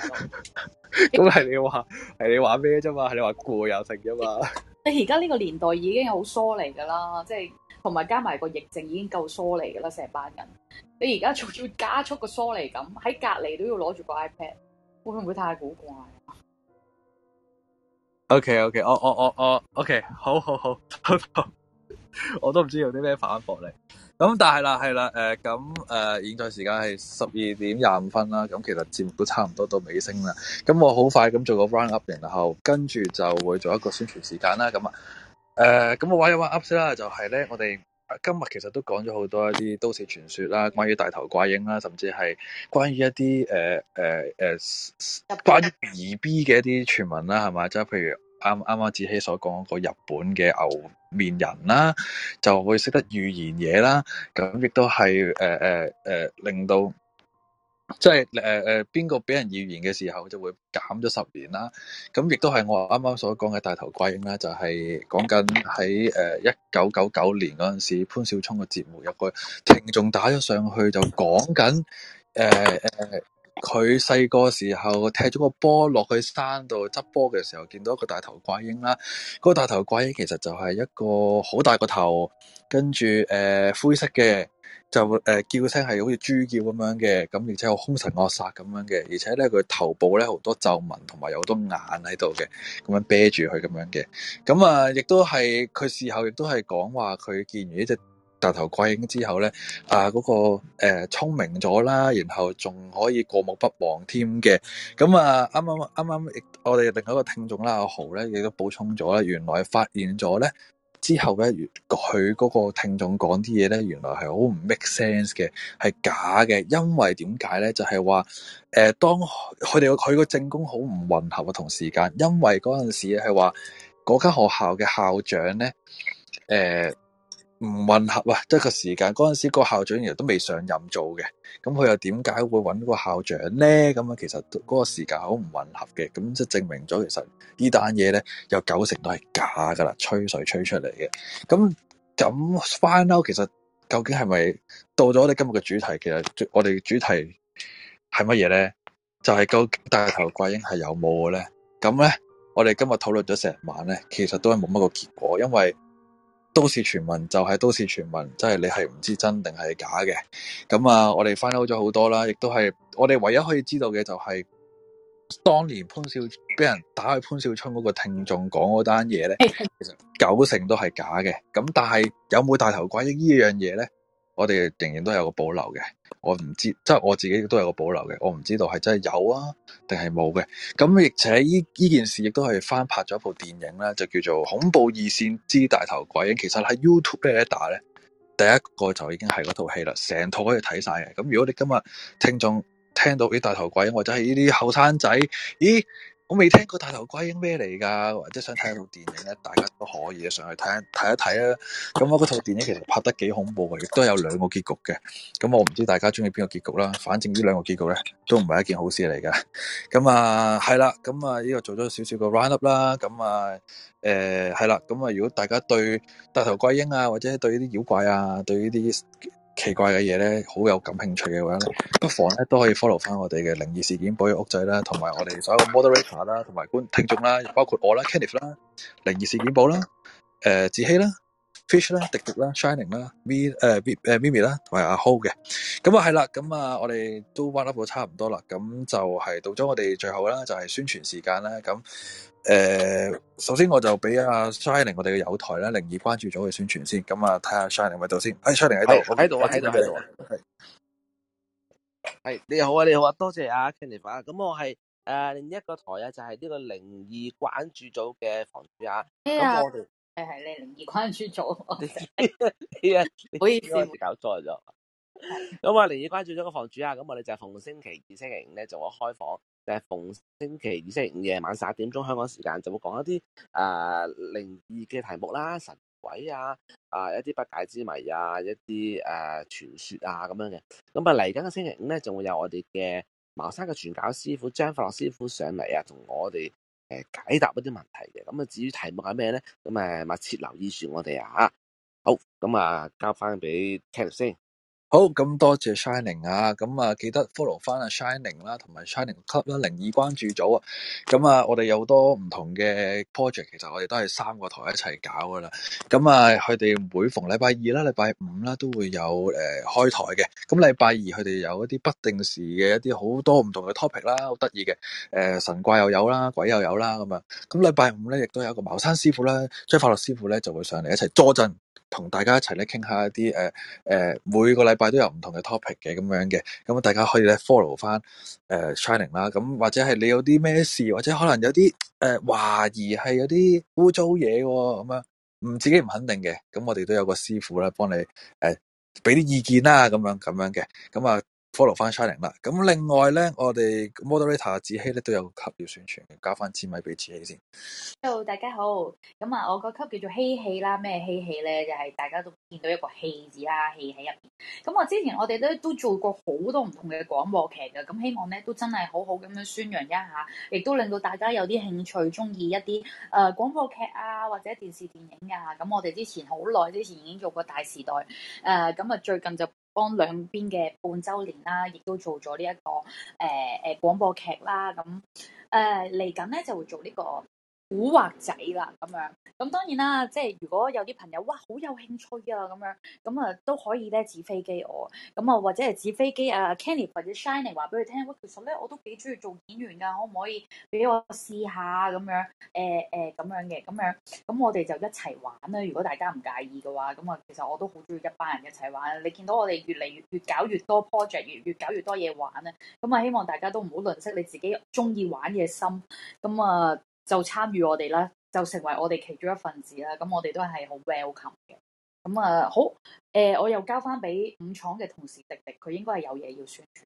S1: 咁係你話係你玩咩啫嘛？係你話過有勝啫嘛？
S2: 你而家呢個年代已經有好疏離噶啦，即係同埋加埋個疫症已經夠疏離噶啦，成班人你而家仲要加速個疏離感，喺隔籬都要攞住個 iPad，會唔會太古怪 ？OK
S1: OK，哦哦哦哦，OK，好好好。Oh, oh, oh, oh. 我都唔知有啲咩反駁嚟，咁但係啦，係啦，誒、呃，咁、呃、誒，現在時間係十二點廿五分啦，咁其實節目都差唔多到尾聲啦，咁、嗯、我好快咁做個 round up，然後跟住就會做一個宣傳時間啦，咁啊，誒、呃，咁、嗯、我、呃嗯、玩一玩 up 先啦，就係咧，我哋今日其實都講咗好多一啲都市傳說啦，關於大頭怪嬰啦，甚至係關於一啲誒誒誒，關於 BB 嘅一啲傳聞啦，係咪？即、就、係、是、譬如。啱啱阿子希所講個日本嘅牛面人啦，就會識得預言嘢啦，咁亦都係誒誒誒令到即係誒誒邊個俾人預言嘅時候就會減咗十年啦，咁亦都係我啱啱所講嘅大頭怪嬰啦，就係、是、講緊喺誒一九九九年嗰陣時潘少聰嘅節目入去，聽眾打咗上去就講緊誒誒。呃呃佢細個時候踢咗個波落去山度執波嘅時候，見到一個大頭怪嬰啦。嗰、那個大頭怪嬰其實就係一個好大個頭，跟住誒、呃、灰色嘅，就誒、呃、叫聲係好似豬叫咁樣嘅，咁而且好凶神惡煞咁樣嘅，而且咧佢頭部咧好多皺紋，同埋有好多眼喺度嘅，咁樣啤住佢咁樣嘅。咁啊，亦都係佢事後亦都係講話佢見完呢隻。大頭鬼影之後咧，啊嗰、那個誒、呃、聰明咗啦，然後仲可以過目不忘添嘅。咁、嗯、啊，啱啱啱啱，啱啱我哋另一個聽眾啦，阿、啊、豪咧，亦都補充咗啦。原來發現咗咧之後咧，佢嗰個聽眾講啲嘢咧，原來係好唔 make sense 嘅，係假嘅。因為點解咧？就係話誒，當佢哋佢個政功好唔混合啊同時間，因為嗰陣時係話嗰間學校嘅校長咧誒。呃唔混合啊，即係個時間嗰陣時，個校長其實都未上任做嘅，咁佢又點解會揾個校長呢？咁啊，其實嗰個時間好唔混合嘅，咁即係證明咗其實呢單嘢咧有九成都係假噶啦，吹水吹出嚟嘅。咁咁翻翻，final, 其實究竟係咪到咗我哋今日嘅主題？其實我哋嘅主題係乜嘢咧？就係、是、究竟大頭怪嬰係有冇嘅咧？咁咧，我哋今日討論咗成晚咧，其實都係冇乜個結果，因為。都市傳聞，就係都市傳聞，即係你係唔知真定係假嘅。咁、嗯、啊，我哋翻歐咗好多啦，亦都係我哋唯一可以知道嘅就係、是，當年潘少俾人打去潘少春嗰個聽眾講嗰單嘢咧，其實九成都係假嘅。咁、嗯、但係有冇大頭怪嬰呢樣嘢咧？我哋仍然都有個保留嘅，我唔知，即係我自己亦都有個保留嘅，我唔知道係真係有啊，定係冇嘅。咁，而且依依件事亦都係翻拍咗一部電影啦，就叫做《恐怖熱線之大頭鬼》。其實喺 YouTube 一打咧，第一個就已經係嗰套戲啦，成套可以睇晒嘅。咁，如果你今日聽眾聽到啲大頭鬼，或者係呢啲後生仔，咦？我未聽過大頭怪嬰咩嚟噶，或者想睇一套電影咧，大家都可以上去睇一睇一睇啊！咁我嗰套電影其實拍得幾恐怖嘅，亦都有兩個結局嘅。咁我唔知大家中意邊個結局啦，反正呢兩個結局咧都唔係一件好事嚟噶。咁啊係啦，咁啊呢、這個做咗少少個 round up 啦。咁啊誒係啦，咁、呃、啊如果大家對大頭怪嬰啊，或者對呢啲妖怪啊，對呢啲，奇怪嘅嘢咧，好有感興趣嘅話咧，不妨咧都可以 follow 翻我哋嘅靈異事件簿嘅屋仔啦，同埋我哋所有 moderator 啦，同埋觀聽眾啦，包括我啦，Kenneth 啦，靈異事件簿啦，誒、呃，子希啦。fish 啦，迪迪啦 shining 啦 mi 誒 mi 啦，同埋阿 h 浩嘅，咁啊係啦，咁啊我哋都彎 up 到差唔多啦，咁就係到咗我哋最後啦，就係宣傳時間啦。咁誒首先我就俾阿 shining 我哋嘅友台啦，靈異關注組嘅宣傳先看看在在、哎的，咁 OK 啊睇下 shining 喺度先，哎 shining 喺度，喺度啊
S6: 喺度喺度，係係你好啊你好啊多謝阿 kenny 啊，咁我係誒、啊、另一個台啊，就係呢個靈異關注組嘅房主啊，咁我哋。Yeah.
S2: 係係你靈異關注咗，
S6: 唔好意思，應該係搞錯咗。咁啊，靈異關注咗個房主啊，咁我哋就逢星期二、星期五咧，就會開房。就係、是、逢星期二、星期五夜晚十一點鐘香港時間，就會講一啲誒靈異嘅題目啦、神鬼啊、啊、呃、一啲不解之謎啊、一啲誒傳說啊咁樣嘅。咁啊，嚟緊嘅星期五咧，就會有我哋嘅茅山嘅傳教師傅張法樂師傅上嚟啊，同我哋。誒，解答一啲問題嘅，咁啊，至於題目係咩咧，
S1: 咁啊，密切留意住我哋啊，吓，好，咁啊，交翻俾 Charles 先。好，咁多謝 Shining 啊，咁啊記得 follow 翻 Sh 啊 Shining 啦，同埋 Shining Club 啦、啊，靈異關注組啊，咁啊我哋有好多唔同嘅 project，其實我哋都係三個台一齊搞噶啦，咁啊佢哋每逢禮拜二啦、禮拜五啦都會有誒開台嘅，咁禮拜二佢哋有一啲不定時嘅一啲好多唔同嘅 topic 啦，好得意嘅，誒神怪又有啦，鬼又有啦咁啊，咁禮拜五咧亦都有一個茅山師傅啦，張法律師傅咧就會上嚟一齊坐陣。同大家一齊咧，傾下一啲誒誒，每個禮拜都有唔同嘅 topic 嘅咁樣嘅，咁啊大家可以咧 follow 翻，誒 training 啦，咁或者係你有啲咩事，或者可能有啲誒懷疑係有啲污糟嘢喎，咁樣唔自己唔肯定嘅，咁我哋都有個師傅咧幫你誒俾啲意見啦，咁樣咁樣嘅，咁啊。follow 翻 Chiling 啦，咁另外咧，我哋 Moderator 子希咧都有級要宣傳，加翻支咪俾子希先。
S2: Hello，大家好。咁啊，我個級叫做嬉戲啦，咩嬉戲咧？就係、是、大家都見到一個戲字啦，戲喺入邊。咁我之前我哋咧都做過好多唔同嘅廣播劇噶，咁希望咧都真係好好咁樣宣揚一下，亦都令到大家有啲興趣，中意一啲誒、呃、廣播劇啊，或者電視電影啊。咁我哋之前好耐之前已經做過《大時代》呃，誒，咁啊最近就。幫兩邊嘅半周年啦、啊，亦都做咗、這個呃啊呃、呢一個誒誒廣播劇啦，咁誒嚟緊咧就會做呢、這個。古惑仔啦，咁樣咁當然啦，即係如果有啲朋友哇，好有興趣啊，咁樣咁啊都可以咧紙飛機我，咁啊或者係紙飛機啊 Kenny 或者 Shiny 話俾佢聽，喂，其實咧我都幾中意做演員噶，可唔可以俾我試下咁樣？誒誒咁樣嘅咁樣，咁我哋就一齊玩啦。如果大家唔介意嘅話，咁啊其實我都好中意一班人一齊玩。你見到我哋越嚟越越搞越多 project，越越搞越多嘢玩咧，咁啊希望大家都唔好吝嗇你自己中意玩嘅心，咁啊。就參與我哋啦，就成為我哋其中一份子啦。咁我哋都係好 welcome 嘅。咁啊，好誒、呃，我又交翻俾五廠嘅同事迪迪，佢應該係有嘢要宣傳。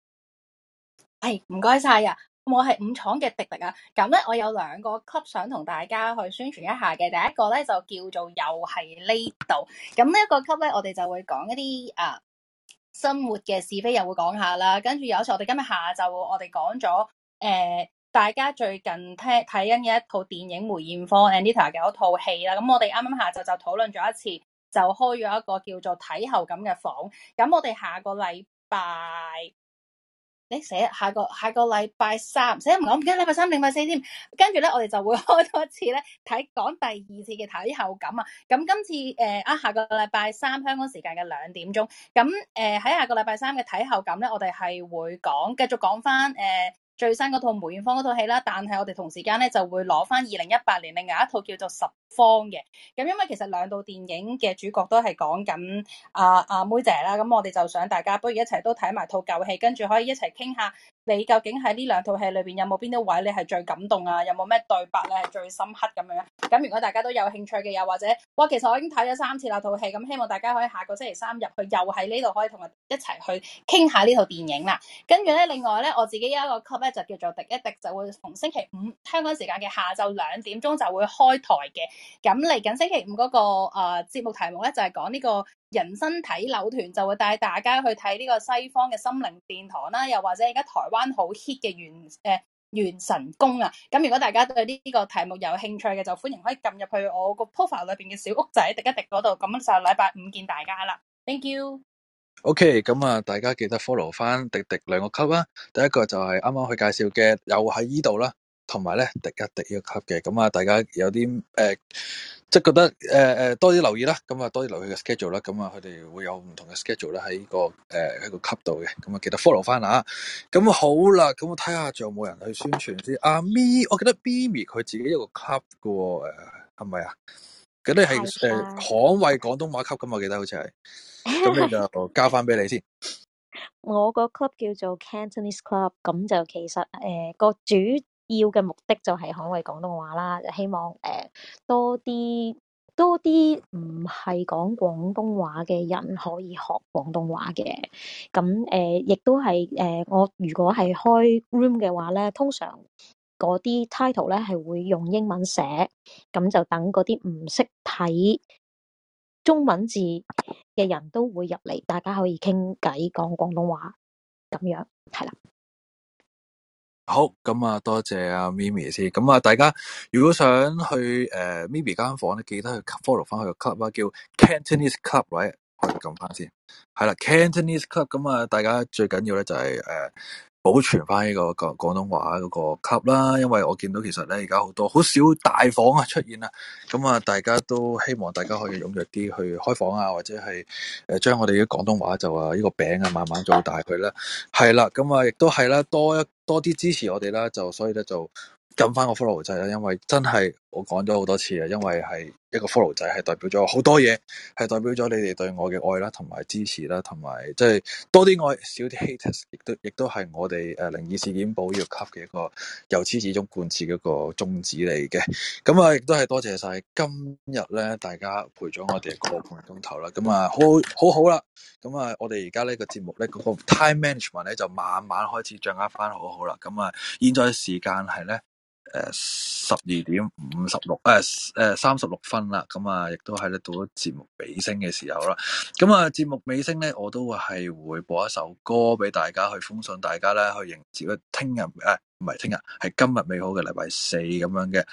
S2: 係，唔該晒啊。我係五廠嘅迪迪啊。咁、嗯、咧，我有兩個級想同大家去宣傳一下嘅。第一個咧就叫做又係、嗯，這個、呢度。咁呢一個級咧，我哋就會講一啲啊生活嘅是非，又會講下啦。跟住有時。我哋今日下晝我哋講咗誒。呃大家最近聽睇緊嘅一套電影梅艷芳 Anita 嘅嗰套戲啦，咁我哋啱啱下晝就討論咗一次，就開咗一個叫做睇後感嘅房。咁我哋下個禮拜，你，欸，寫下個下個禮拜三寫唔到，唔記得禮拜三、禮拜四添。跟住咧，我哋就會開多一次咧，睇講第二次嘅睇後感啊。咁今次誒啊，呃，下個禮拜三香港時間嘅兩點鐘，咁誒喺下個禮拜三嘅睇後感咧，我哋係會講繼續講翻誒。呃最新嗰套梅艷芳嗰套戲啦，但係我哋同時間呢就會攞翻二零一八年另外一套叫做《十方》嘅，咁因為其實兩套電影嘅主角都係講緊阿阿妹姐啦，咁我哋就想大家不如一齊都睇埋套舊戲，跟住可以一齊傾下。你究竟喺呢兩套戲裏邊有冇邊啲位你係最感動啊？有冇咩對白你係最深刻咁樣？咁如果大家都有興趣嘅，又或者哇，其實我已經睇咗三次嗰套戲，咁希望大家可以下個星期三入去，又喺呢度可以同我一齊去傾下呢套電影啦。跟住咧，另外咧，我自己有一個 club 咧，就叫做滴一滴，就會逢星期五香港時間嘅下晝兩點鐘就會開台嘅。咁嚟緊星期五嗰，那個誒、呃、節目題目咧就係、是、講呢、這個。人生睇樓團就會帶大家去睇呢個西方嘅心靈殿堂啦、啊，又或者而家台灣好 hit 嘅元誒元神功啊！咁如果大家對呢個題目有興趣嘅，就歡迎可以撳入去我個 profile 裏邊嘅小屋仔，迪一迪嗰度，咁就禮拜五見大家啦。Thank you。
S1: OK，咁啊，大家記得 follow 翻滴迪兩個級啦、啊。第一個就係啱啱去介紹嘅，又喺依度啦，同埋咧迪一迪一級嘅。咁啊，大家有啲誒。呃即係覺得誒誒、呃呃、多啲留意啦，咁啊多啲留意嘅 schedule 啦、嗯，咁啊佢哋會有唔同嘅 schedule 啦喺個誒喺、呃、個 club 度嘅，咁、嗯、啊記得 follow 翻啊。咁、嗯、好啦，咁我睇下仲有冇人去宣傳先。阿、啊、咪，Me, 我記得 Bimi 佢自己一個 club 嘅，誒係咪啊？佢哋係誒捍衛廣東話 club 咁我記得好似係，
S3: 咁、嗯、你、嗯、
S1: 就交翻俾你先。
S2: 我個 club 叫做 Cantonese Club，咁就其實誒、呃那個主。要嘅目的就係捍衛廣東話啦，希望誒、呃、多啲多啲唔係講廣東話嘅人可以學廣東話嘅。咁誒亦都係誒、呃、我如果係開 room 嘅話咧，通常嗰啲 title 咧係會用英文寫，咁就等嗰啲唔識睇中文字嘅人都會入嚟，大家可以傾偈講廣東話咁樣，係啦。
S5: 好，咁
S1: 啊多謝阿 Mimi 先，咁啊大家如果想去誒 Mimi 間房咧，呃、room，記得去 follow 翻佢個 club 啊，叫 Cantonese Club 喂，我哋撳翻先，係啦 Cantonese Club，咁啊大家最緊要咧就係、是、誒。呃保存翻呢個廣廣東話嗰個級啦，因為我見到其實咧而家好多好少大房啊出現啦，咁啊大家都希望大家可以踊躍啲去開房啊，或者係誒將我哋啲廣東話就話呢個餅啊慢慢做大佢啦，係啦，咁啊亦都係啦，多一多啲支持我哋啦，就所以咧就撳翻個 follow 掣啦，因為真係。我講咗好多次啊，因為係一個 follow 仔，係代表咗好多嘢，係代表咗你哋對我嘅愛啦，同埋支持啦，同埋即係多啲愛，少啲 haters，亦都亦都係我哋誒靈異事件保育級嘅一個由始至終貫徹嗰個宗旨嚟嘅。咁啊，亦都係多謝晒今日咧，大家陪咗我哋個半鐘頭啦。咁啊，好好好啦。咁啊，我哋而家呢個節目咧嗰個 time management 咧就慢慢開始掌握翻，好好啦。咁啊，現在時間係咧。誒，十二點五十六誒誒三十六分啦，咁啊，亦都係度到咗節目尾聲嘅時候啦。咁啊，節目尾聲咧，我都會係回播一首歌俾大家去封信，大家咧去迎接聽日誒，唔係聽日係今日美好嘅禮拜四咁樣嘅。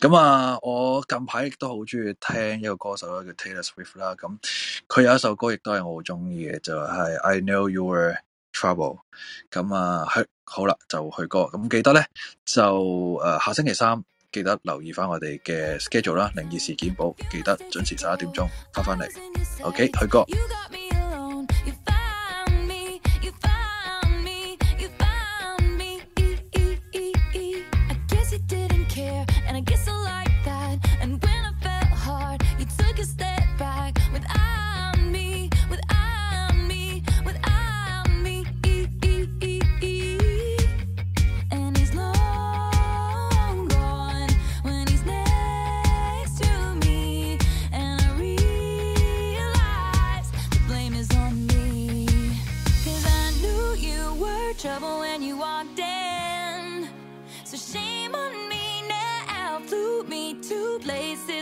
S1: 咁啊，我近排亦都好中意聽一個歌手咧叫 Taylor Swift 啦。咁佢有一首歌亦都係我好中意嘅，就係、是、I Know You Were。Trouble，咁啊，好啦，就去哥，咁記得咧就誒、呃、下星期三記得留意翻我哋嘅 schedule 啦，靈異事件簿，記得準時十一點鐘返返嚟，OK，去哥。